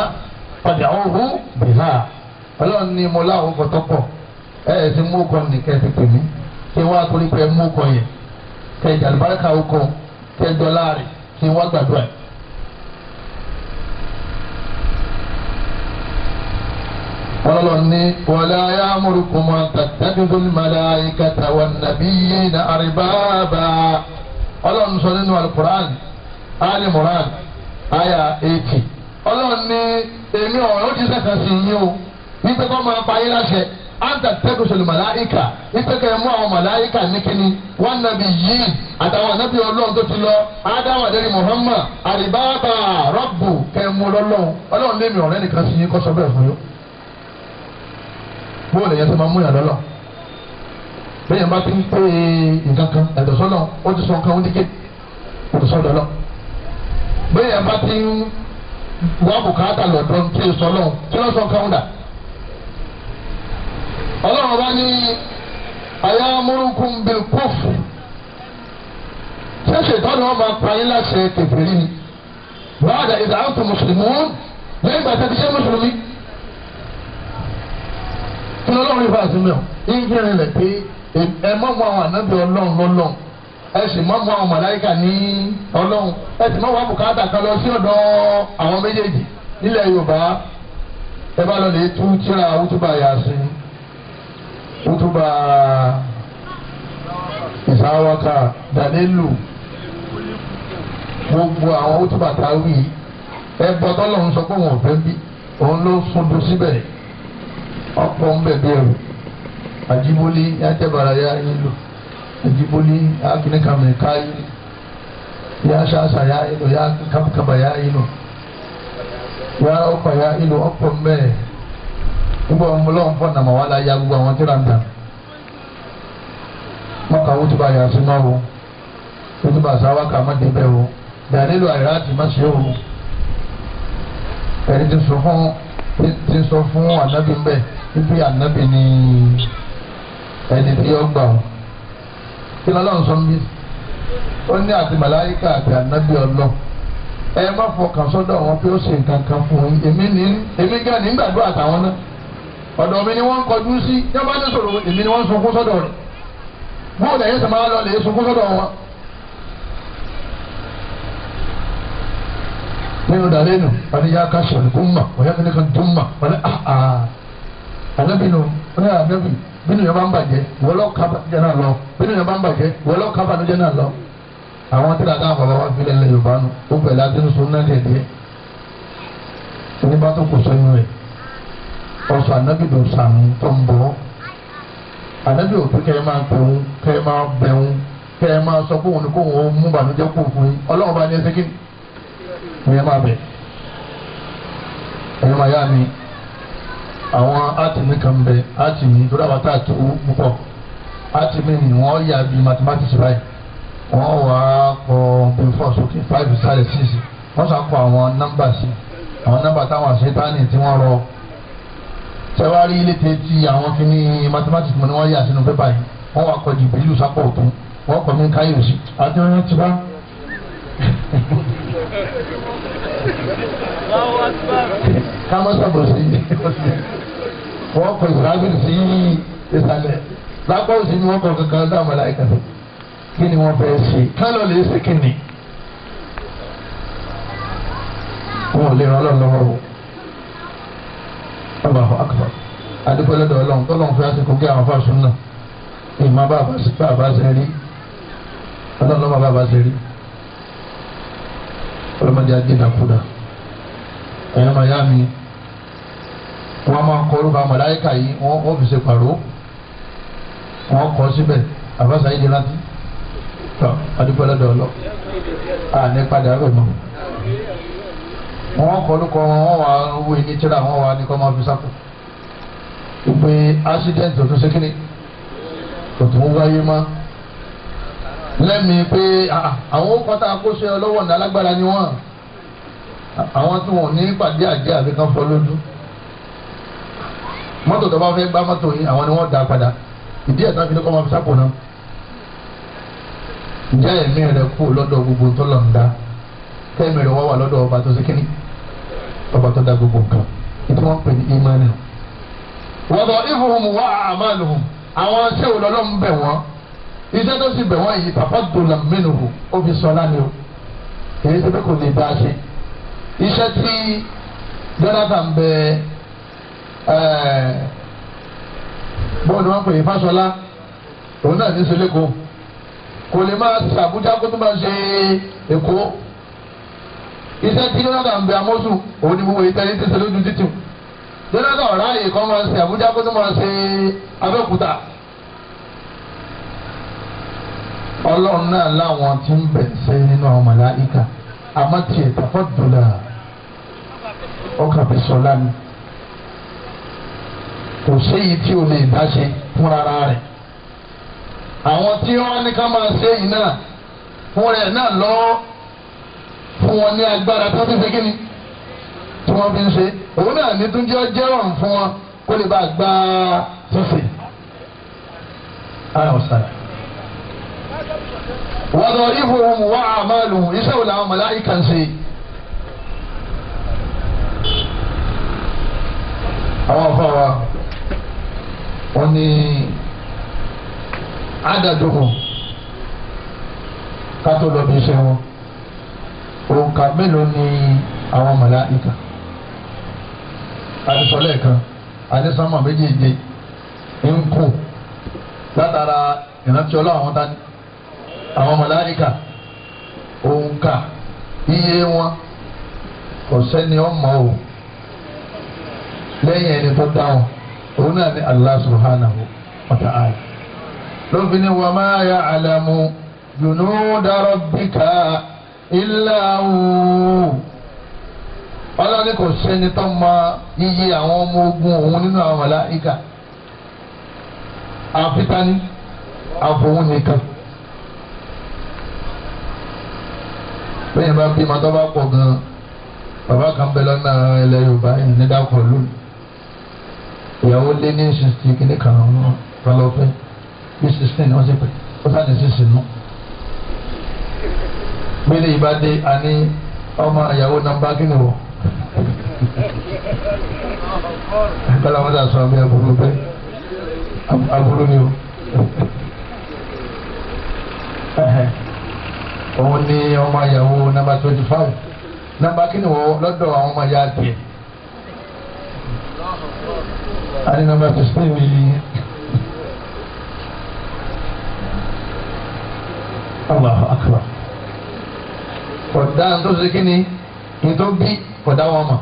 fad'uhu biha ọlọ́run ní mo láwọn ọkọ̀ tó pọ̀ ẹ ẹ ti mú ọkọ̀ nìkẹ́ ti pè mí kí wọ́n á pé mú ọkọ̀ yẹn kẹ jàlùbáríkà ọkọ̀ kẹ dọ́là rẹ̀ kí wọ́n gbàdúrà ẹ̀. ولني ولا يأمركم أن تتخذوا الملائكة والنبيين أربابا ọlọ́run sọ nínú alukur'an ali àyà eighty ọlọ́run ní èmi ọ̀rọ̀ ó ti sẹ̀sẹ̀ sí yín o wípé kọ́ máa pa ayé láṣẹ anta tẹ́kù sọ̀lù màláìkà wípé kẹ́ ẹ mú àwọn màláìkà nìkíní wọn nàbí yìí àtàwọn ànábì ọlọ́run tó ti lọ ádámù àdéhùn Muhammad àdìbáàbà rọ́bù kẹ́ ẹ mú lọ́lọ́run ọlọ́run lé mi ọ̀rẹ́ nìkan sí yín kọ́ sọ bẹ́ẹ̀ fún yín bóun lè yẹ sọ ma mú yàn lọ́lọ́ bẹ́ẹ̀ yẹn bẹ́ẹ̀ bá ti ń wá bùkátà lọ́dọ̀ tí o sọ lọ́hùn tí wọ́n sọ káwọn dà. ọlọ́run bá ní àyà múrùnkùn bíi kófù ṣẹ́ṣẹ̀ ìtọ́nù ọmọ apáyé láṣẹ kẹfìrí ni bàdà ìdá àtò mùsùlùmí wọn lẹ́yìn ìgbà tẹ́tí ṣe mùsùlùmí. kí lọ́lọ́run ìfàsímẹ́ ọ̀ ń gbẹ̀rẹ̀ lẹ̀ pé ẹ̀ mọ́ mọ́ àwọn ànábì ọlọ́run lọ́lọ́run ẹ sì mọ́ fún àwọn màláìkà ní ọlọ́run ẹ sì mọ́ wá bùkátà kan lọ sí ọ̀dọ̀ àwọn méjèèjì nílẹ̀ yorùbá ẹ bá lọ lè tú tíra wútúbà yàsín wútúbà ìsáwọ́ká dànílù gbogbo àwọn wútúbà táwí ẹ bọ́ tọ́lọ́run sọ pé òun fẹ́ bí òun ló sundu síbẹ̀ ọ̀pọ̀ ń bẹ̀ bẹ́ẹ̀ rò àjíbólé yájẹ́ bàrà yá yín lò ajiboli ya kini kame kayi ya shasa ya ino ya kamkama ya ino ya ọkọ ya ino ọkọ mbẹẹ gbogbo àwọn ọmọlọ́wọ́n fọ́ nàmọ́ ya gbogbo àwọn tó ràǹdà wọn kà wọ́n tó bá yà sínú ba wọ́n tó bá sáwá kà má débẹ̀ o dànílò àyà àti má ṣe o ẹni ti sọ fún ti sọ fún ànábì mbẹ ibi ànábì ni ẹni tí ó gbà o. kí lọ́lọ́run sọ ó ní àti màláyíkà àti anabi ọlọ́ ẹ má fọkàn wọn pé ó kan fún yín èmi ní èmi gan ní àtàwọn náà mi ni wọ́n kọjú sí yọba ní sọ̀rọ̀ èmi ni wọ́n sunkún sọ́dọ̀ rẹ̀ bóun lẹ́yìn sọ máa lọ lè sunkún sọ́dọ̀ wọn. nínú dàlẹ́ nù wọ́n yá ká sọ̀rọ̀ bínú yẹn bá ń bàjẹ́ wọlọ́ kábàtújẹ́ náà lọ bínú yẹn bá ń bàjẹ́ wọlọ́ kábàtújẹ́ náà lọ. àwọn tí làtà bàbá wa filẹ̀ ńlẹ̀ yorùbá nu ó pẹ̀lú adínúsọ náà díẹ̀ díẹ̀ ní bá tó kò sẹ́yìn rẹ̀ ọ̀sọ̀ ànábì ló sàmù tó ń bọ̀ ànábì ò kẹ́ ẹ máa pẹ̀hún kẹ́ ẹ máa bẹ̀hún kẹ́ ẹ máa sọ fóun kóun ó mú bànújẹ́ ni ẹ máa àwọn átìmí kan bẹ átìmí tó dábàá tá a tó púpọ̀ átìmí ni wọ́n yà bí mathematics báyìí wọ́n wà á kọ bí four sókè five sáré six wọ́n sà kọ àwọn nọ́mbà sí àwọn nọ́mbà táwọn àṣetánì tí wọ́n rọ sẹ́wárí ilé tẹ́tí àwọn kíní mathematics mọ̀ ni wọ́n yà sínú pépà yìí wọ́n wà kọ jìbìlù sápọ̀ ọ̀tún wọ́n kọ mí káyọ̀ sí àti wọ́n ti bá kama sọ bọ̀ sí i wọ́n kọ ìsirafil sí ìsàlẹ̀ lápá òsì ni wọ́n kọ kankan dá màláíkà sí kí ni wọ́n fẹ́ ṣe kálọ̀ lè ṣe kí ni wọn ò lè ràn lọ́wọ́ lọ́wọ́ o Allahu akbar adúpẹ́lẹ́dọ̀ ọlọ́run tọ́lọ́run fẹ́ àsìkò kí àwọn fásun náà ìmọ̀ bá bá ṣe rí ọlọ́run lọ́mọ bá bá ṣe rí ọlọ́mọdé ajé nàkúdà ẹ̀yọ́ màyá mi orúkọ àwọn màláíkà yìí wọ́n fi ṣe pàrọ̀ wọ́n kọ́ síbẹ̀ àbáṣà yìí di rántí tọ́ adúpẹ́ lọ́dọ̀ ọlọ́ àní padà rẹ̀ mọ́ wọ́n kọ́ lóko wọn wọ́n wà owó ilé tíra wọ́n wà ní kọ́ máa fi sápò ìpè accident tó tún ṣe kíni tó tún wáyé mọ́ lẹ́mìí pé àwọn kọ́tà akóṣe ọlọ́wọ́ ní alágbára ni wọ́n àwọn tí wọ́n ní pàdé àjẹ́ àbíkan fọ́ lójú mọ́tò tó bá fẹ́ gbá mọ́tò yìí àwọn ni wọ́n dá padà ìdí ẹ̀ta fi ní kọ́ máa fi sápò náà ǹjẹ́ ẹ̀mí rẹ̀ kú lọ́dọ̀ gbogbo tó lọ ń dá tẹ́ẹ̀mí rẹ̀ wá wà lọ́dọ̀ ọba tó síkíní ọba tó dá gbogbo nǹkan ìdí wọ́n pè ní ìmánì. wọ́dọ̀ ìfowópamọ́ wá àmàlùm àwọn ṣé olọ́lọ́m bẹ̀ wọ́n iṣẹ́ tó sì bẹ̀ wọ́n yìí pàpà dòlà mẹ́nu ó fi sọ lánàá èyí ti bẹ́ kò lè dá ṣe iṣẹ́ tí Jonathan bẹ́ẹ̀ bọ́ọ̀lù wọn pè é Fáṣọlá òun náà ní sọlẹ́kọ̀ọ́ kò lè máa ṣàbújá kó tó máa ṣe èkó iṣẹ́ tí Jonathan bẹ amóṣù òun ni gbogbo ìtẹ́lẹ́ ti ṣe lójú títì Jonathan ọ̀rá yìí kan máa ṣe àbújá kó tó máa ṣe Abẹ́òkúta ọlọ́run náà láwọn tí ń bẹ̀ ṣe nínú àwọn màláìka àmọ́ tiẹ̀ tàfọ́ dùn náà ọkà bẹ̀ sọ lánàá kò séyìí tí ò lè dá ṣe fúnra rẹ̀ àwọn tí wọ́n ní ká máa ṣe yìí náà fún rẹ̀ náà lọ fún wọn ní agbára tó fi ṣe kí ni tí wọ́n fi ń ṣe òun náà ní túnjẹ́ ọjọ́ ọ̀hún fún wọn kó lè bá a gbá ṣíṣe. wọ́n lọ ihu ohun wá àmàlù iṣẹ́ wo làwọn màláíkà ń ṣe. àwọn afọ wa. wọ́n ní àdàdùnkù kátó lọ bí iṣẹ́ wọn òǹkà mélòó ni àwọn màláíkà àdìsọ́lẹ̀ kan àdìsọ́mọ̀ méjèèjì ń kù látara ìrántí ọlọ́ àwọn dání àwọn iye wọn kò sẹ́ni ọmọ o lẹ́yìn ẹni tó dá wọn. òun náà ni Allah subhanahu wa ta'ala lófin ni wa ma ya'lamu junuda rabbika illa hu ọlọ́ni kò sẹ́ni tó ma iye àwọn ọmọ ogun òun nínú àwọn àfitani àfòun nìkan. bẹ́ẹ̀ ni bá bí ma tó bá pọ̀ gan-an bàbá kan bẹ lọ́nà ilẹ̀ Yorùbá ẹ̀ ní ìyàwó lé ní sixty kìíní kan ọ̀hún balọ̀fẹ́ bí sixteen wọ́n ti pè ó sáà ní sísìn nù. mílí ìbádé a ní ọmọ ìyàwó nàmbá kìíní wọ̀ bala wọn dà sọ àmì aburú bẹ aburú ni o òun ní ọmọ ìyàwó nàmbá twenty five nàmbá ani na mɛfɛ sɛ Allah akbar kɔda ntɔ se kini ntɔ bi kɔda wɔn ma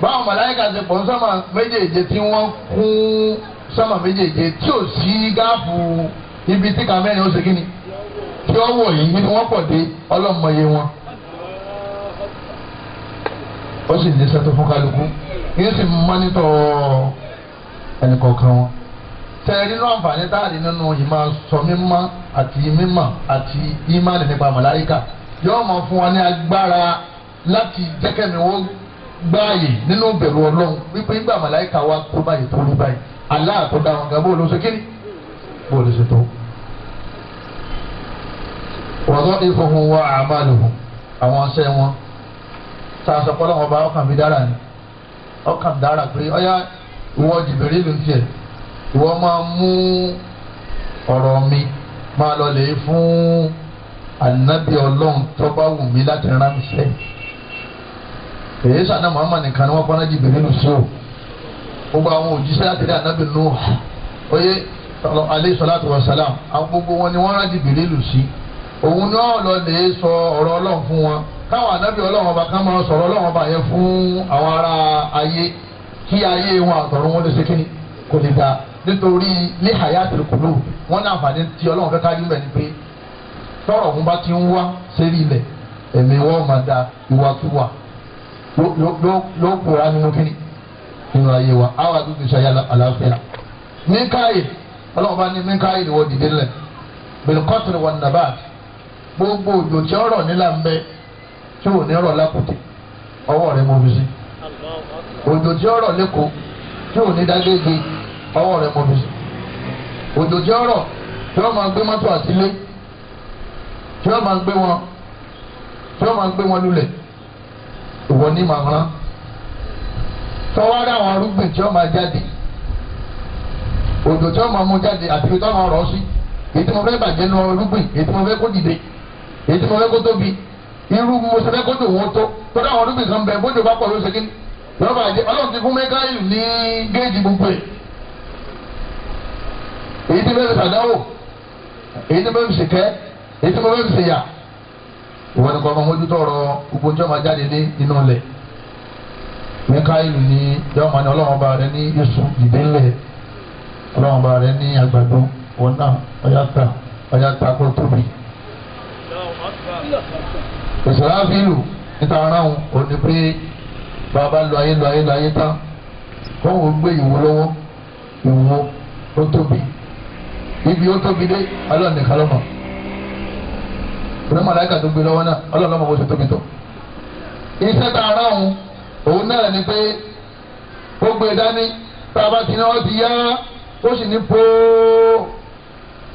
báwọn màláyíkà ṣe pọ̀ sọ́mà méjèèje tí ku, kún sọ́mà méjèèje tí ò sí gáàfù ibi tí kàmẹ́rin ó ṣe kí ni tí ó wọ̀ yìí ni ó sì ní sẹ́tọ́ fún kálukú yóò sì mọ́nítọ̀ ẹnìkọ̀ọ̀kan wọn. tẹ̀lé nínú àǹfààní táàrí nínú ìmọ̀ sọ mímọ́ àti mímọ̀ àti ìmọ̀lẹ̀ nípa màláíkà yóò máa fún wa ní agbára láti jẹ́kẹ̀mí wọ́n gbáàyè nínú bẹ̀rù ọlọ́run wípé nígbà màláíkà wa tó báyìí tó rí báyìí aláà tó dáhùn gan bó ló ṣe kí ni bó ló ṣe tó. wọ́n tó ìfọ̀hún wa àmàlùhùn àwọn aṣẹ́ wọn sàṣọ pọlọ wọn bá ọkàn mi dára ni ọkàn dára pé ọyá ìwọ jìbìrì ìlú tiẹ̀ ìwọ máa mú ọ̀rọ̀ mi máa lọ lè fún ànábì Ọlọ́run tó bá wù mí láti ránṣẹ́ èyí sànà màmá nìkan ni wọn fọnà jìbìrì ìlú sí o gbogbo àwọn òjíṣẹ́ àtẹ̀lé ànábì nù oyè alẹ́ sọláàtù wàsálàm àwọn gbogbo wọn ni wọ́n rán jìbìrì ìlú sí òun náà lọ lè sọ ọ̀rọ̀ Ọlọ́run fún wọn káwọn ànábì ọlọ́wọ́n ọba ká máa sọ̀rọ̀ ọlọ́wọ́n ọba yẹn fún àwọn ará ayé kí ayé wọn àtọ̀run wọn lè ṣe ni kò lè dáa nítorí ní hayatul qulub wọn ní àǹfààní tí ọlọ́wọ́n fẹ́ ká yí mẹ́rin pé tọrọ ọ̀hún bá ti ń wá sérí ilẹ̀ ẹ̀mí wọn máa da ìwàkiwà ló kóra nínú kíni nínú ayé wa àwọn àdúgbò ìṣayé àlàáfíà minkaid ọlọ́wọ́n bá ní minkaid wọ́n dìde lẹ̀ bẹ̀rẹ̀ kọ́tùrù wọn nàbà gbogbo òjò tí ọ̀rọ̀ nílà ń bẹ́ẹ̀ tí o ní ọ̀rọ̀ lákùtì ọwọ́ rẹ̀ mo fi sí òjò tí ọ̀rọ̀ lẹ́kọ̀ọ́ tí ò ní dágége ọwọ́ rẹ̀ mo fi sí òjò tí ọ̀rọ̀ tí wọ́n máa gbé mọ́tò àtìlé tí wọ́n máa gbé wọn tí wọ́n máa gbé wọn lulẹ̀ ìwọ ní màá rán àwọn arúgbìn tí wọ́n máa jáde òjò jáde àti sí bàjẹ́ nu kó dìde kó tóbi irú mọ̀sẹ̀fẹ́ kójú wọn tó tọ́jú àwọn olùgbé kan bẹ̀ bójú bá pọ̀ ló ṣe kí lọ́ba ọlọ́run ti fún mẹ́káyì ní géèjì gbogbo ẹ̀ èyí tí bẹ́ẹ̀ sàdáwò èyí tí bẹ́ẹ̀ sèkẹ́ èyí tí bẹ́ẹ̀ sèyà ìwọ ni ọmọ mójútó ọ̀rọ̀ gbogbo tí wọ́n máa jáde ìsìláfíìlù níta aráhùn òní pé bàbá lọ ayé lọ ayé lọ ayé tán wọn ò gbé ìwo lọ́wọ́ ìwo ó tóbi ibi ó tóbi dé alọ́ nìkan lọ́mọ ìrẹ́mọ̀ láyé kàdó gbé lọ́wọ́ náà ọlọ́ọ̀lọ́mọ bó ṣe tóbi tó iṣẹ́ tá a ráhùn òun náà ni pé ó gbé e dání tá a bá ti náà ó ti yá ó sì ní pòó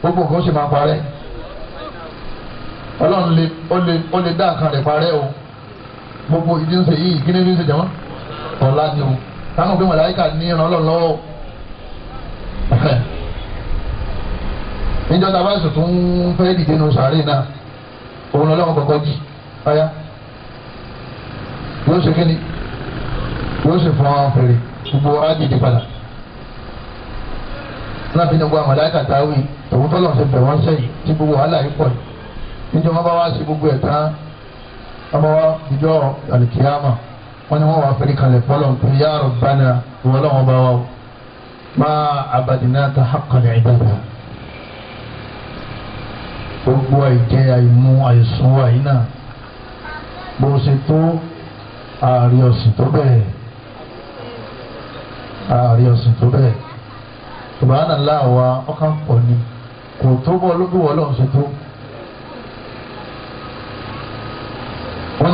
gbogbo nǹkan ó sì máa parẹ́ ọlọ́run lè ó lè ó lè dá nǹkan rẹ̀ parẹ́ o gbogbo ìdí ń ṣe yìí kí ni bí ń ṣe jẹ̀mọ́ ọ̀la ni o táwọn òbí màláyíkà ní ìran ọlọ́run lọ́wọ́ níjọ́ tá a bá sùn tó ń fẹ́ dìde nu sàárè náà òun ọlọ́run kọ̀ọ̀kan jì ọ̀yá yóò ṣe kí ni yóò ṣe fún àwọn fèrè gbogbo ágìdì padà láti ní gbogbo àwọn màláyíkà táwí tòun tọ́lọ̀ ṣe bẹ̀ wọ́n sẹ́yìn tí gbogbo wàhálà yìí pọ̀ yìí níjọ́ wọn bá wá sí gbogbo ẹ̀ tán ọmọ wa ìjọ àlùkìyàmà wọn ni wọn wà fẹ́ẹ́ kalẹ̀ fọlọ́ pé yá Rabbana ìwọ lọ́wọ́ bá wà má abadinaka haqqa al-ibada gbogbo àìjẹ àìmu àìsùn àyínà bó ṣe tó ààrẹ ọ̀sìn tó bẹ́ẹ̀ ààrẹ ọ̀sìn tó bẹ́ẹ̀ subhanallah wa ọkàn pọ̀ ni kò tó bọ́ lójú wọ́ tó.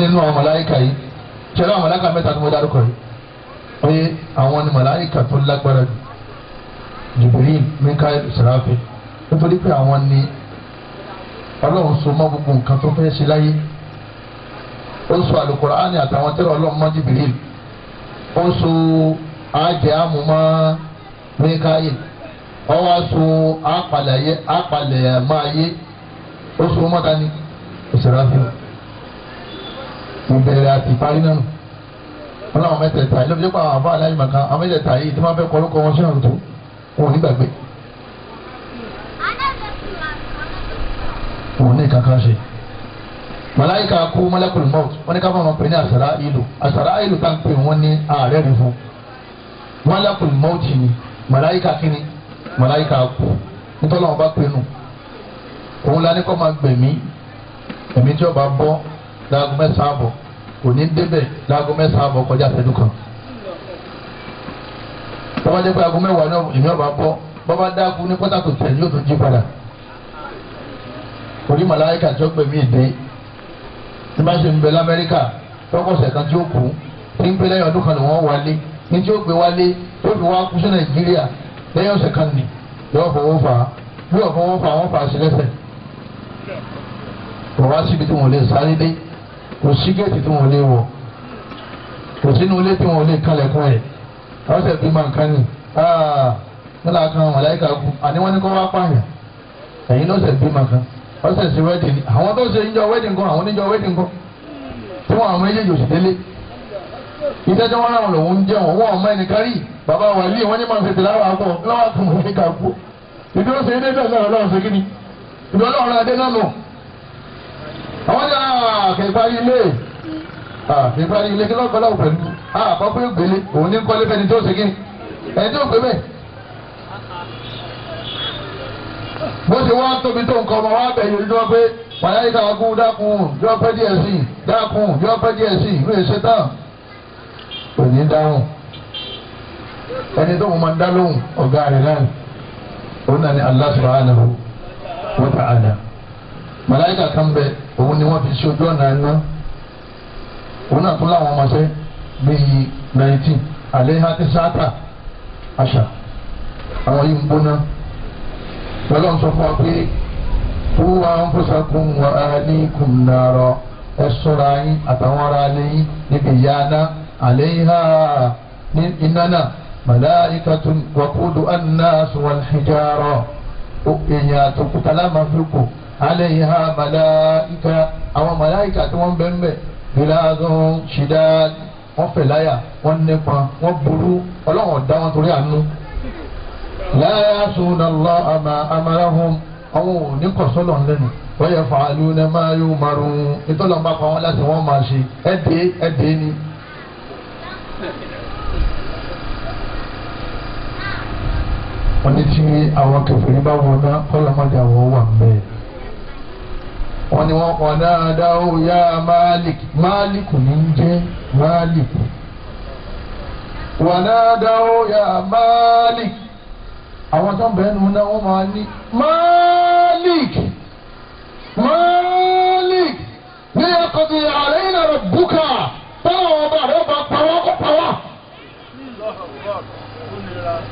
nínú àwọn màláíkà yìí ṣẹlẹ̀ àwọn màláíkà mẹ́ta tó mo dárúkọ yìí pé àwọn ni màláíkà tó lágbára jù Jibril Mikael Sarafi nítorí pé àwọn ni Ọlọ́run so mọ́ gbogbo nǹkan tó fẹ́ ṣe láyé ó ń so Al-Qur'ani àtàwọn tẹ́lẹ̀ Ọlọ́run mọ́ Jibril ó so àjẹ́ àmúmọ́ Mikael ọwọ́ so apalẹ̀ máa yé ó so mọ́ta ni Sarafi tó bẹ̀rẹ̀ àti parí náà wọn làwọn mẹ́tẹ̀ẹ̀ta yìí lọ́bi jẹ́pọ̀ àwọn àbá aláìní màkà àwọn mẹ́tẹ̀ẹ̀ta yìí tí wọ́n fẹ́ kọ́ lóko wọn sínú àrùtò wọn ò ní gbàgbé. wọn ní kankan ṣe màláìka kú mọ́lẹ́kùlù mọ́ọ̀tù wọn ní ká fọ́n pè ní àṣàrà ìlú àṣàrà ìlú tá n pè wọ́n ní ààrẹ rí fún mọ́lẹ́kùlù mọ́ọ̀tù ni màláìka kíni màláìka kú nítorí wọn bá pè nù òun la ní kọ́ máa gbẹ̀mí ẹ̀mí tí ọba bọ́ dáago mẹ́sàn-án àbọ̀ òní débẹ̀ láago mẹ́sàn-án àbọ̀ kọjá fẹ́dún kan. bàbá jẹ́ pé aago mẹ́wàá náà èmi ọba bọ́ bàbá dákú ní pọ́tàkù tẹ̀ yóò tún jí padà. orí màláyíkà tí ó pè mí ìdè tí máa ń ṣe ń bẹ lamẹ́ríkà lọ́kọ̀ọ̀sẹ̀ kan tí ó kú tí ń pè lẹ́yìn ọdún kan ni wọ́n wálé ní tí ó gbé wálé tó fi wá kú sí nàìjíríà lẹ́yìn ọ̀sẹ̀ kan nì lọ́wọ́ fọwọ́ fà á bí ọ̀fọwọ́ fà kò sí géètì tí wọ́n lé wọ̀ kò sínú ilé tí wọ́n lè kalẹ̀kùn ẹ̀ ọ̀sẹ̀ bí máa ah, ń kan ní nílà kan màláìka kú àní wọ́n ní kó wá pààyàn ẹ̀yin lọ́sẹ̀ bí máa kan ọ̀sẹ̀ sí wẹ́dìn ni àwọn tó ṣe níjọ wẹ́dìn kan àwọn níjọ wẹ́dìn kan tí wọ́n àwọn méjèèjì òsì délé ìtẹ́jọ́ wọn náà lòun ń jẹun wọn ọmọ ẹnì kárí bàbá wa lé wọn ní máa ń fi tìlára àgbọ̀ lọ́wọ́ àkùnrin kú ìdúró ṣe é náà náà lọ́wọ́ àwọn ní àkẹ́gbárí ilé àkẹ́gbárí ilé kí lọ́gbọ́n láwù pẹ̀lú àkọ́kọ́ ìgbélé òun ní kọ́lé fẹ́ni tó ṣe kí ẹni tó gbé bẹ́ẹ̀. bó ṣe wá tóbi tó nǹkan ọmọ wa bẹ̀ yìí lọ́wọ́ pé wàyáyé káwá kú dákun yọ pẹ́ díẹ̀ sí dákun yọ pẹ́ díẹ̀ sí ìlú èṣẹ́ tán òní dáhùn ẹni tó mo máa ń dá lóhùn ọ̀gá rẹ̀ náà òun náà ni Allah subhanahu wa ta'ala màláyíkà kan bẹ òun ni wọ́n fi ṣe ojú ọ̀nà ẹ̀ná òun náà tún láwọn ọmọọṣẹ́ bíi nineteen àléhà ti sáàtà àṣà àwọn yìí ń gbóná lọ́lọ́run sọ fún wa pé fúwa ń fúnṣakùn wà á ní kùnàrọ̀ ẹ sọ́ra yín àtàwọn ará lẹ́yìn níbi ìyá aná àléhà ní iná náà màláyíkà tún wàkúdù àná àṣùwọ̀n ìjàrọ̀ èèyàn àtòkùtà lámàfikù alayha màláìka àwọn màláìka tí wọ́n bẹ́ẹ̀ bẹ́ẹ̀ gbìlázùn ṣìdáàd wọ́n fẹ̀ láyà wọ́n nípa wọ́n burú ọlọ́run ọ̀dá wọn torí àánú. láyà sùn lọ àmà àmàlàhùn àwọn ò ní kọ̀ sọ́lọ̀ lẹ́nu wọ́n yẹ fàálù ní máa yóò marun nítorí wọn bá pa wọn láti wọ́n máa ṣe ẹ̀dẹ́ ẹ̀dẹ́ ni. wọ́n ní tí àwọn kẹfìrí bá wọn ná kọ́lọ́mọdé àwọn wà bẹ́ẹ̀ wọ́n ní wọ́n pọ̀ dáadáa ó yá máàlìkù máàlìkù ní í jẹ́ máàlìkù wọ́n dáadáa ó yá máàlìkù àwọn tó ń bẹ̀rẹ̀ nù náà wọ́n máa ní máàlìkù máàlìkù ní ẹ̀kọ́tì àlẹ́ ìlànà rẹ̀ bùkà báwọn ọba rẹ̀ bá pàwọ́ kó pàwọ́.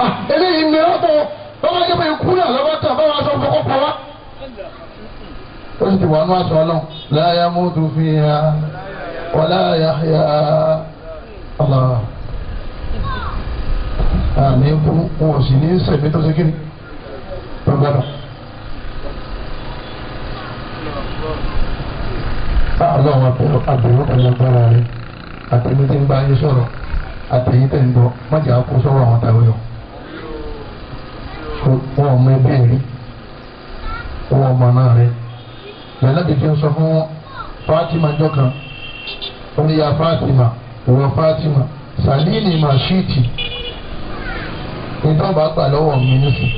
Ah, eléyìí ni ọ̀tọ̀ báwọn jẹ́ pé ikú náà lọ́wọ́ tán báwọn aṣọ fọkọ́ pàwọ́ ó sì ti wà nú aṣọ ọlọ́run la yamutu fiha wala yahya Allah àmì ikú wọn ò sì ní sẹ̀mí tó ṣe kíni tó gbàdọ̀. ọlọ́run àbẹ̀wò pẹ̀lú agbára rẹ̀ àti ní ti ń bá yín sọ̀rọ̀ àti èyí tẹ̀ ń bọ̀ májà kó sọ̀rọ̀ àwọn tàwé o. wọn ò mọ ẹbí rí wọn ò lànàbì fi ń sọ fún Fatima jọkan oníyà Fatima ìwọ Fatima sàlíìnì màṣíìtì ìdánwò àgbà lọ́wọ́ mi nísìn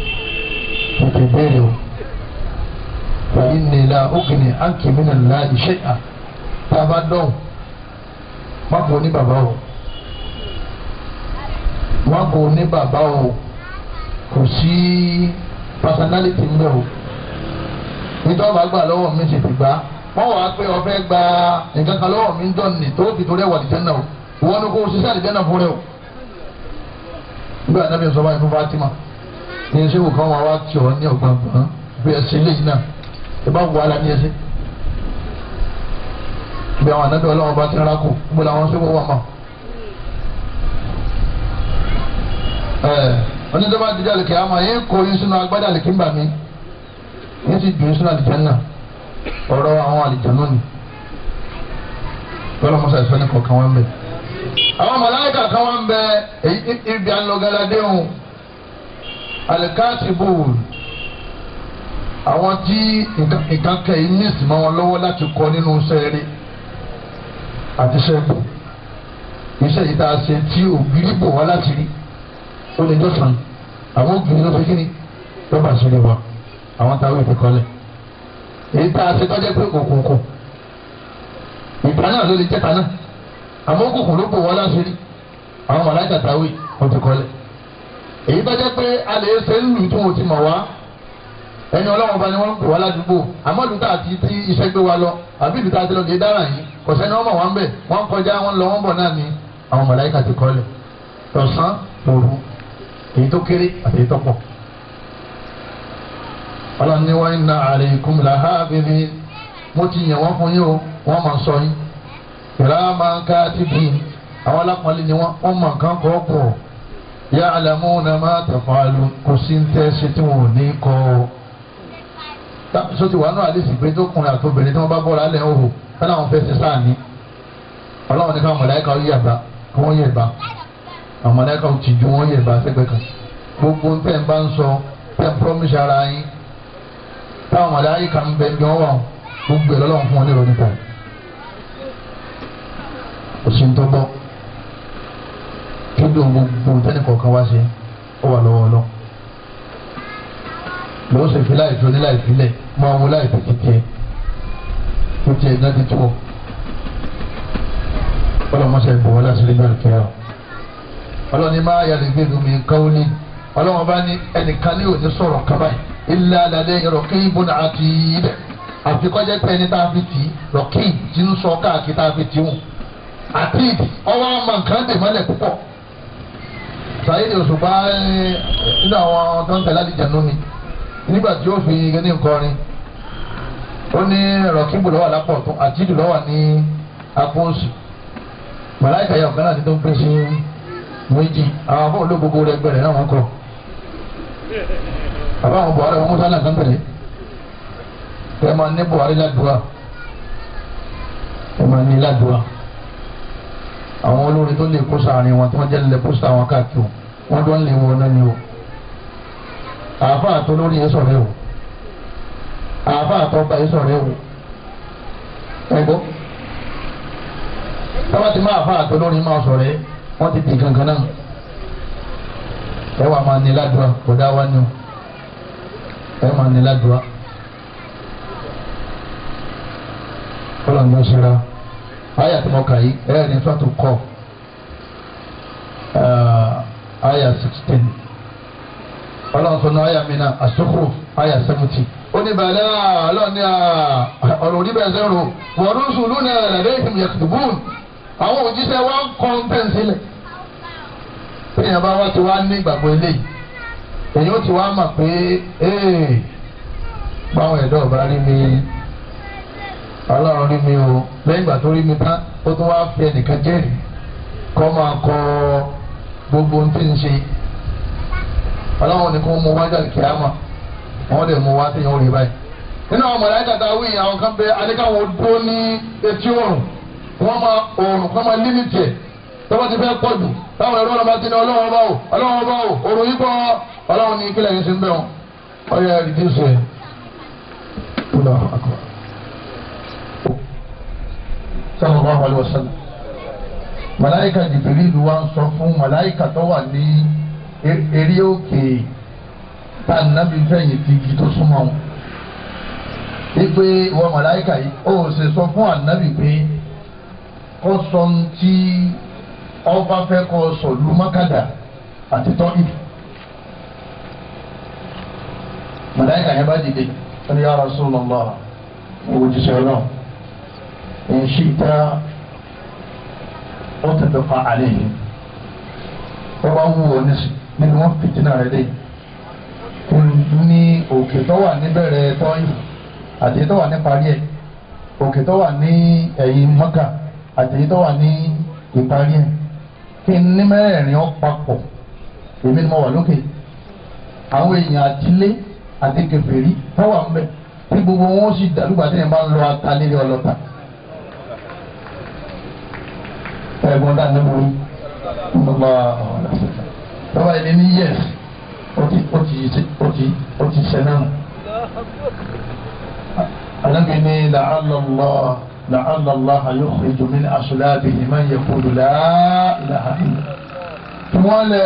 tètè béèrè o fàyí nílá ókìní ànkìmínà ńlá iṣẹ́ à tá a bá dọ̀hùn má kò ní bàbá o má kò ní bàbá o kò sí personality ń o ìjọba gbà lọ́wọ́ mi ti fi gbà wọ́n wàá pé ọ̀fẹ́ gba nǹkan kan lọ́wọ́ mi ń dọ̀ ní tó fi torí ẹ̀wà àdìjẹ́ náà o wọ́n ní kó o ṣiṣẹ́ àdìjẹ́ náà fún rẹ o. nígbà náà sọ báyìí fún Fatima ní ṣé wò kán wà wá tí ọ ní ọgbà gbọ́n bí ẹsẹ̀ léyìí náà ẹ bá wù wàhálà ní ẹsẹ̀. bí àwọn ànábẹ́ ọlọ́wọ́ bá ti rárá kù níbo làwọn ṣé wọ́n wà mọ́. ẹ onídọ́bà dídá lè kí a yín kó yín sínú agbádá lè kí ń bà mí ní ti dùn sínú àlìjánná ọ̀rọ̀ àwọn àlìjánná ni bọ́lá mọ́sá ìfẹ́ ní kọ̀ọ̀kan wọn bẹ̀. àwọn màláíkà kan wọn bẹ ibi alọ́gàládéhùn alikátìbù àwọn tí nǹkan kẹ́yìn ní ìsìnmọ́ wọn lọ́wọ́ láti kọ́ nínú sẹ́ẹ̀rì àti sẹ́ẹ̀bù iṣẹ́ yìí tá a ṣe tí ògiri bò wá láti rí ó lè jọ́sàn àwọn ògiri ló fi kí ni lọ́ba ìṣẹ̀lẹ̀ wa àwọn táwọn fi kọ́lẹ̀ èyí tá a fi tọ́jẹ́ pé kòkòkò ìgbà náà ló lè jẹ́ta náà àmọ́ kòkò ló bò wọ́n láṣìírí àwọn màláìka táwé wọ́n fi kọ́lẹ̀ èyí tọ́jẹ́ pé a lè ṣe ń lù tó o ti mọ̀ wá ẹni ọlọ́run ọba ni wọ́n ń pè wá ládùúgbò àmọ́ ìlú tá a ti ti iṣẹ́ gbé wa lọ àbí ìlú tá a ti lọ kì í dára yìí kò sẹ́ni wọ́n mọ̀ wá ń bẹ̀ wọ́n kọjá wọ́n lọ wọ́n bọ̀ náà ni àwọn màláìka ti kọ́lẹ̀ tọ̀sán ọlọ́run ní wọ́n iná àlè ìkúmùlà ha bèbè mo ti yàn wọ́n fún yín o wọ́n máa sọ yín pẹ̀lú àwọn máa ń ká tìbí àwọn alápọ̀nlé ni wọ́n wọ́n máa kán kọ́ pọ̀ yá àlàmú na máa tẹ̀fọ́ àlù kò sí ń tẹ́ ṣe tí wọn ò ní kọ́ ọ. sọ ti wà náà àlèsì pé tó àtòbìnrin tí wọ́n bá bọ́ra lẹ́ òhò fẹ́ràn àwọn fẹ́ẹ́ ṣe sáà ọlọ́run ní káwọn mọ̀láyíkà ó kí wọ́n yẹ̀bá àwọn mọ̀láyíkà ó tìjú wọ́n yẹ̀bá sẹ́gbẹ̀ẹ́ kan gbogbo tẹ́ ń bá ń sọ tẹ́ ń promise ara yín táwọn màláyé kan bẹ ń bẹ wọn wà gbogbo ẹ̀ lọ́wọ́ fún wọn ní ìròyìn kan òsì ń tó bọ́ kéde gbogbo ìtẹ́ni kọ̀ọ̀kan wá sí ó wà lọ́wọ́ lọ lọ́wọ́ sì fi láì fi oníláì filẹ̀ máa wo láì fi kíkẹ́ ó tiẹ̀ náà ti tó ọlọ́mọṣẹ́ ìbò wọn láti rí lọ́ọ̀rì kẹ́hà ọlọ́ni máa yàrá ìgbẹ́lu mi káwọ́lé ọlọ́wọ́n bá ní ẹnìkan ní òní sọ̀rọ̀ kábàáyì illa ladayhi raqibun atid àfi kọjá pé ẹni tá a fi tì tí ń sọ káàkiri tá a fi tì ọwọ́ àmọ̀ dè mọ́lẹ̀ púpọ̀ sàyẹ́dì òṣùpá eh, nínú àwọn tó ń tẹ̀lé àdìjẹ́nu mi nígbà tí ó fi gẹ́ni nkọrin ó ní rọkìbù lọ́wọ́ lápọ̀ tó àtìdù lọ́wọ́ ní apọ́nsù màláìka yà ọ̀kan láti tó ń pín sí méjì àwọn afọ́ bàbá àwọn buhari àwọn musa náà sàǹtẹ̀lẹ̀ ẹ máa ní buhari ládùúgbà ẹ máa ní ládùúgbà àwọn olórin tó lè kó sàárín wọn tí wọ́n jẹ́ lè kó sàá wọn káàkiri wọ́n tó ń lè wọn náà ni o àáfà àtọ́ lórí yẹn sọ̀rọ̀ o àáfà àtọ́ bá yẹn sọ̀rọ̀ o ẹ̀gbọ́n tọ́wọ́ ti máa àáfà àtọ́ lórí máa sọ̀rọ̀ yẹn wọ́n ti di kankan náà ẹ wà máa ní ládùúgbà kò dá wá ní o ẹ máa ní ládùúrà kọ́lá ló ṣera àyà tí mo kà yìí ẹ ní sọ́tù kọ́ àyà sixteen ọlọ́run sọ náà àyà mi náà àsokò àyà seventy oníbàálẹ̀ ọlọ́ọ̀ni uh, ọ̀rọ̀ oníbẹ̀ẹ́ sẹ́rù wọ́n rún sùúrù náà lẹ́dẹ́ ìfìmù yẹtùbùn àwọn òjíṣẹ́ wa kọ́ ń tẹ̀sílẹ̀ bí ìyàbá wa ti wá ní ìgbàgbọ́ eléyìí. èyí ó ti wá mà pé ee báwọn ẹ̀dọ́ ọba rí mi ọlọ́run rí mi o lẹ́yìn ìgbà tó rí mi tán ó tún wáá fi ẹnìkan jẹ́rìí kọ́ máa kọ gbogbo ohun tí ń ṣe ọlọ́run ni kò mú wájà kíámà wọ́n lè mú wá sí ìyẹn báyìí nínú àwọn a àwọn kan bẹ adékáwọn dúró ní etí oòrùn wọ́n máa oòrùn kọ́ máa límìtì ẹ̀ tọ́wọ́ ti fẹ́ ti ní ọlọ́run ọba o ọlọ́run ọlọ́run ní ìpínlẹ̀ yìí ti ń bẹ̀ wọn ọyọ rìdíùsù ẹ̀ kúlọ̀ àkọ́ sallallahu alaihi wasallam màláìka jìbìrìlù wa ń sọ fún màláìka tó wà ní eré òkè tá a nàbí fẹ̀yìntì igi tó súnmọ́ wọn wípé ìwọ màláìka yìí ó sì sọ fún ànábì pé kó sọ ń tí ọba fẹ́ kó sọ lùmọ́kàdà àti tọ́ màláìka yẹn bá dìde wọn ni ya Rasulullah owó jíṣẹ́ ọlọ́run in shi'ta utbiqa alayhi wọ́n bá ń wù ọ́ nísì nínú wọn fìtínà rẹ̀ dé ní òkè tó wà níbẹ̀rẹ̀ tọ́yìn àti tó wà ní parí ẹ̀ òkè tó wà ní ẹ̀yìn mọ́kà àti tó wà ní ìparí ẹ̀ kí ní mẹ́rẹ̀ẹ̀rin ọ́ papọ̀ èmi ni mo wà lókè àwọn èèyàn àtìlé àti kèfèrí táwa ń bẹ tí gbogbo wọn sì dàrúgbà tí yẹn bá ń lọ ata nílé ọlọ́ta. ẹ̀gbọ́n dá níbo ọba bàbá yìí ní yẹs ó ti ó ti ó ti ó ti sẹ náà. alábi ní làálọ̀lọ́ làálọ̀lọ́ yukhriju min aṣọ́lá bìí man yaqulu la ilaha illa. tí wọ́n lẹ.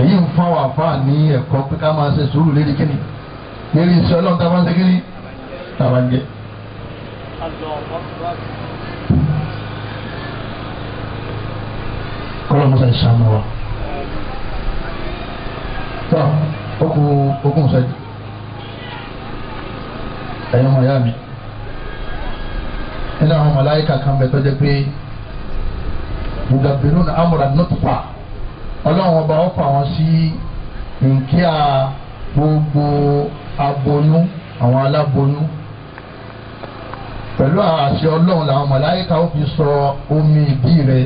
èyí ń fún àwọn àfa ní ẹ̀kọ́ pé ká máa ṣe sùúrù lérí kíni lérí iṣẹ́ ọlọ́run tá a bá ń ṣe kíni tá a bá ń jẹ. kọ́lọ́ musa ìṣàmù wa tọ́ okùn okùn sẹ́jú ẹ̀yọ́ mọ̀ yá mi nínú àwọn màláíkà kan bẹ̀ tó jẹ́ pé yudabirun amúra nọ́tùpá ọlọ́run ọba ó fà wọ́n sí nkíà gbogbo aboyún àwọn aláboyún pẹ̀lú àṣẹ ọlọ́run làwọn mọ̀láyíká ó fi sọ omi ìdí rẹ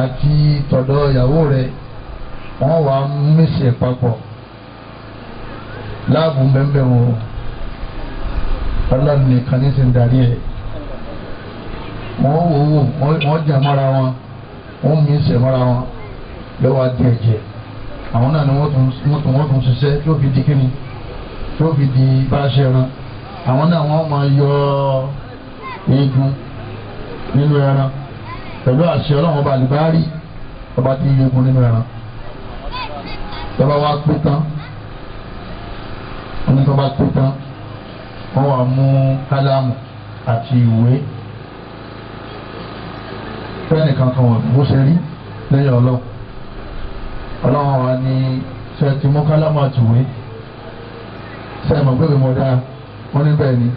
àti tọ̀dọ̀ ìyàwó rẹ wọ́n wà á mísè papọ̀ láàbù bẹ́ẹ̀ wọn ọlọ́run nìkan ní ti darí ẹ̀ wọ́n wò wò wọ́n jà mọ́ra wọn wọ́n mísè mọ́ra wọn lọ́wọ́ adé ẹ̀jẹ̀ àwọn náà ni wọ́n tún wọ́n tún ṣiṣẹ́ tí ó fi di kíni tí ó fi di báṣẹ ẹran àwọn náà wọ́n máa yọ eegun nínú ẹran pẹ̀lú àṣẹ ọlọ́run ọba àlùbáárì ọba tí ń yọ eegun nínú ẹran tọ́ba wa pé tán wọ́n ní tọ́ba pé tán wọ́n wà mú kálámù àti ìwé fẹ́ẹ̀nì kankan wọ̀nyí bó ṣe rí lẹ́yìn ọlọ́run ọlọ́run wa ní ṣe ti mú kálámà tùwé ṣe mọ̀ pé mo dáa wọ́n ní bẹ́ẹ̀ ni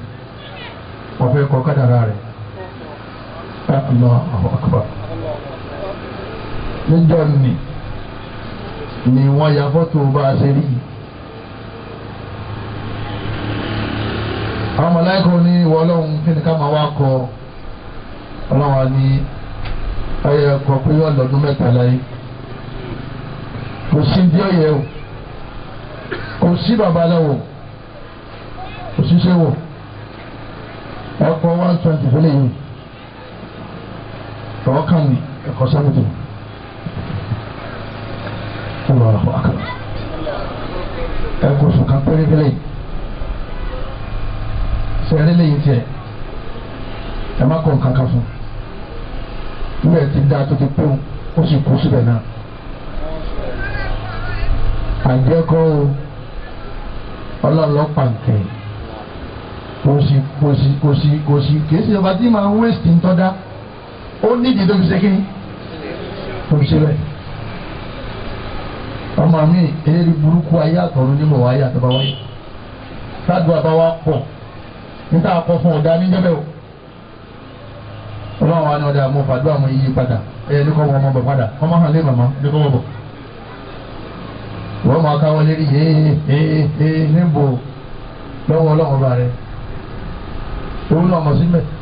wọ́n fẹ́ kọ́ kádàrá rẹ̀ Allahu Akbar níjọ́ ni ni wọ́n ya fọ́tò bá a ṣe rí yìí. àwọn mọ̀láìkọ̀ ní ìwọ ọlọ́run kí ni ká máa wá kọ ọlọ́run wa ní ẹ̀yẹ kọ pé yọ ọ̀dọ́dún mẹ́ta láyé kò sí bí ọ̀yẹ́ o kò sí babaláwo kò sí sẹ́wọ̀ ọkọ̀ one twenty fẹ́lẹ̀ yìí ọwọ́ kàn mí ẹ̀kọ́ sábẹ́tì ọlọ́ ọ̀rọ̀ àkàrà ẹ̀kọ́ sùn kan péré fẹ́lẹ̀ yìí sẹ́rí lẹ́yìn tiẹ̀ ẹ̀ má kọ̀ nǹkan kan fún un nígbà tí dáa tó ti pé o ó sì kú síbẹ̀ náà. a o ọlọ́ọ̀lọ́ pàǹkẹ́ kò sí kò sí kò sí kò sí kì í ọba tí màá wéṣítì ń ó nídìí tó fi tó ṣe bẹ́ẹ̀ ọmọ mi eré burúkú ayé àtọ̀run ní mọ̀ wáyé àtọ́ba àbáwá pọ̀ níta akọ fún ọ̀dà níjẹ́bẹ̀ o wa ni ọ̀dà mo fàdúrà mo yí padà ní kọ́ wọ́n mọ̀ bọ̀ padà ọmọ hàn lé wọ́n máa káwọ́ lérí yé é é níbo lọ́wọ́ ọlọ́run bá rẹ̀ òun náà mọ̀ sí mẹ́ẹ̀.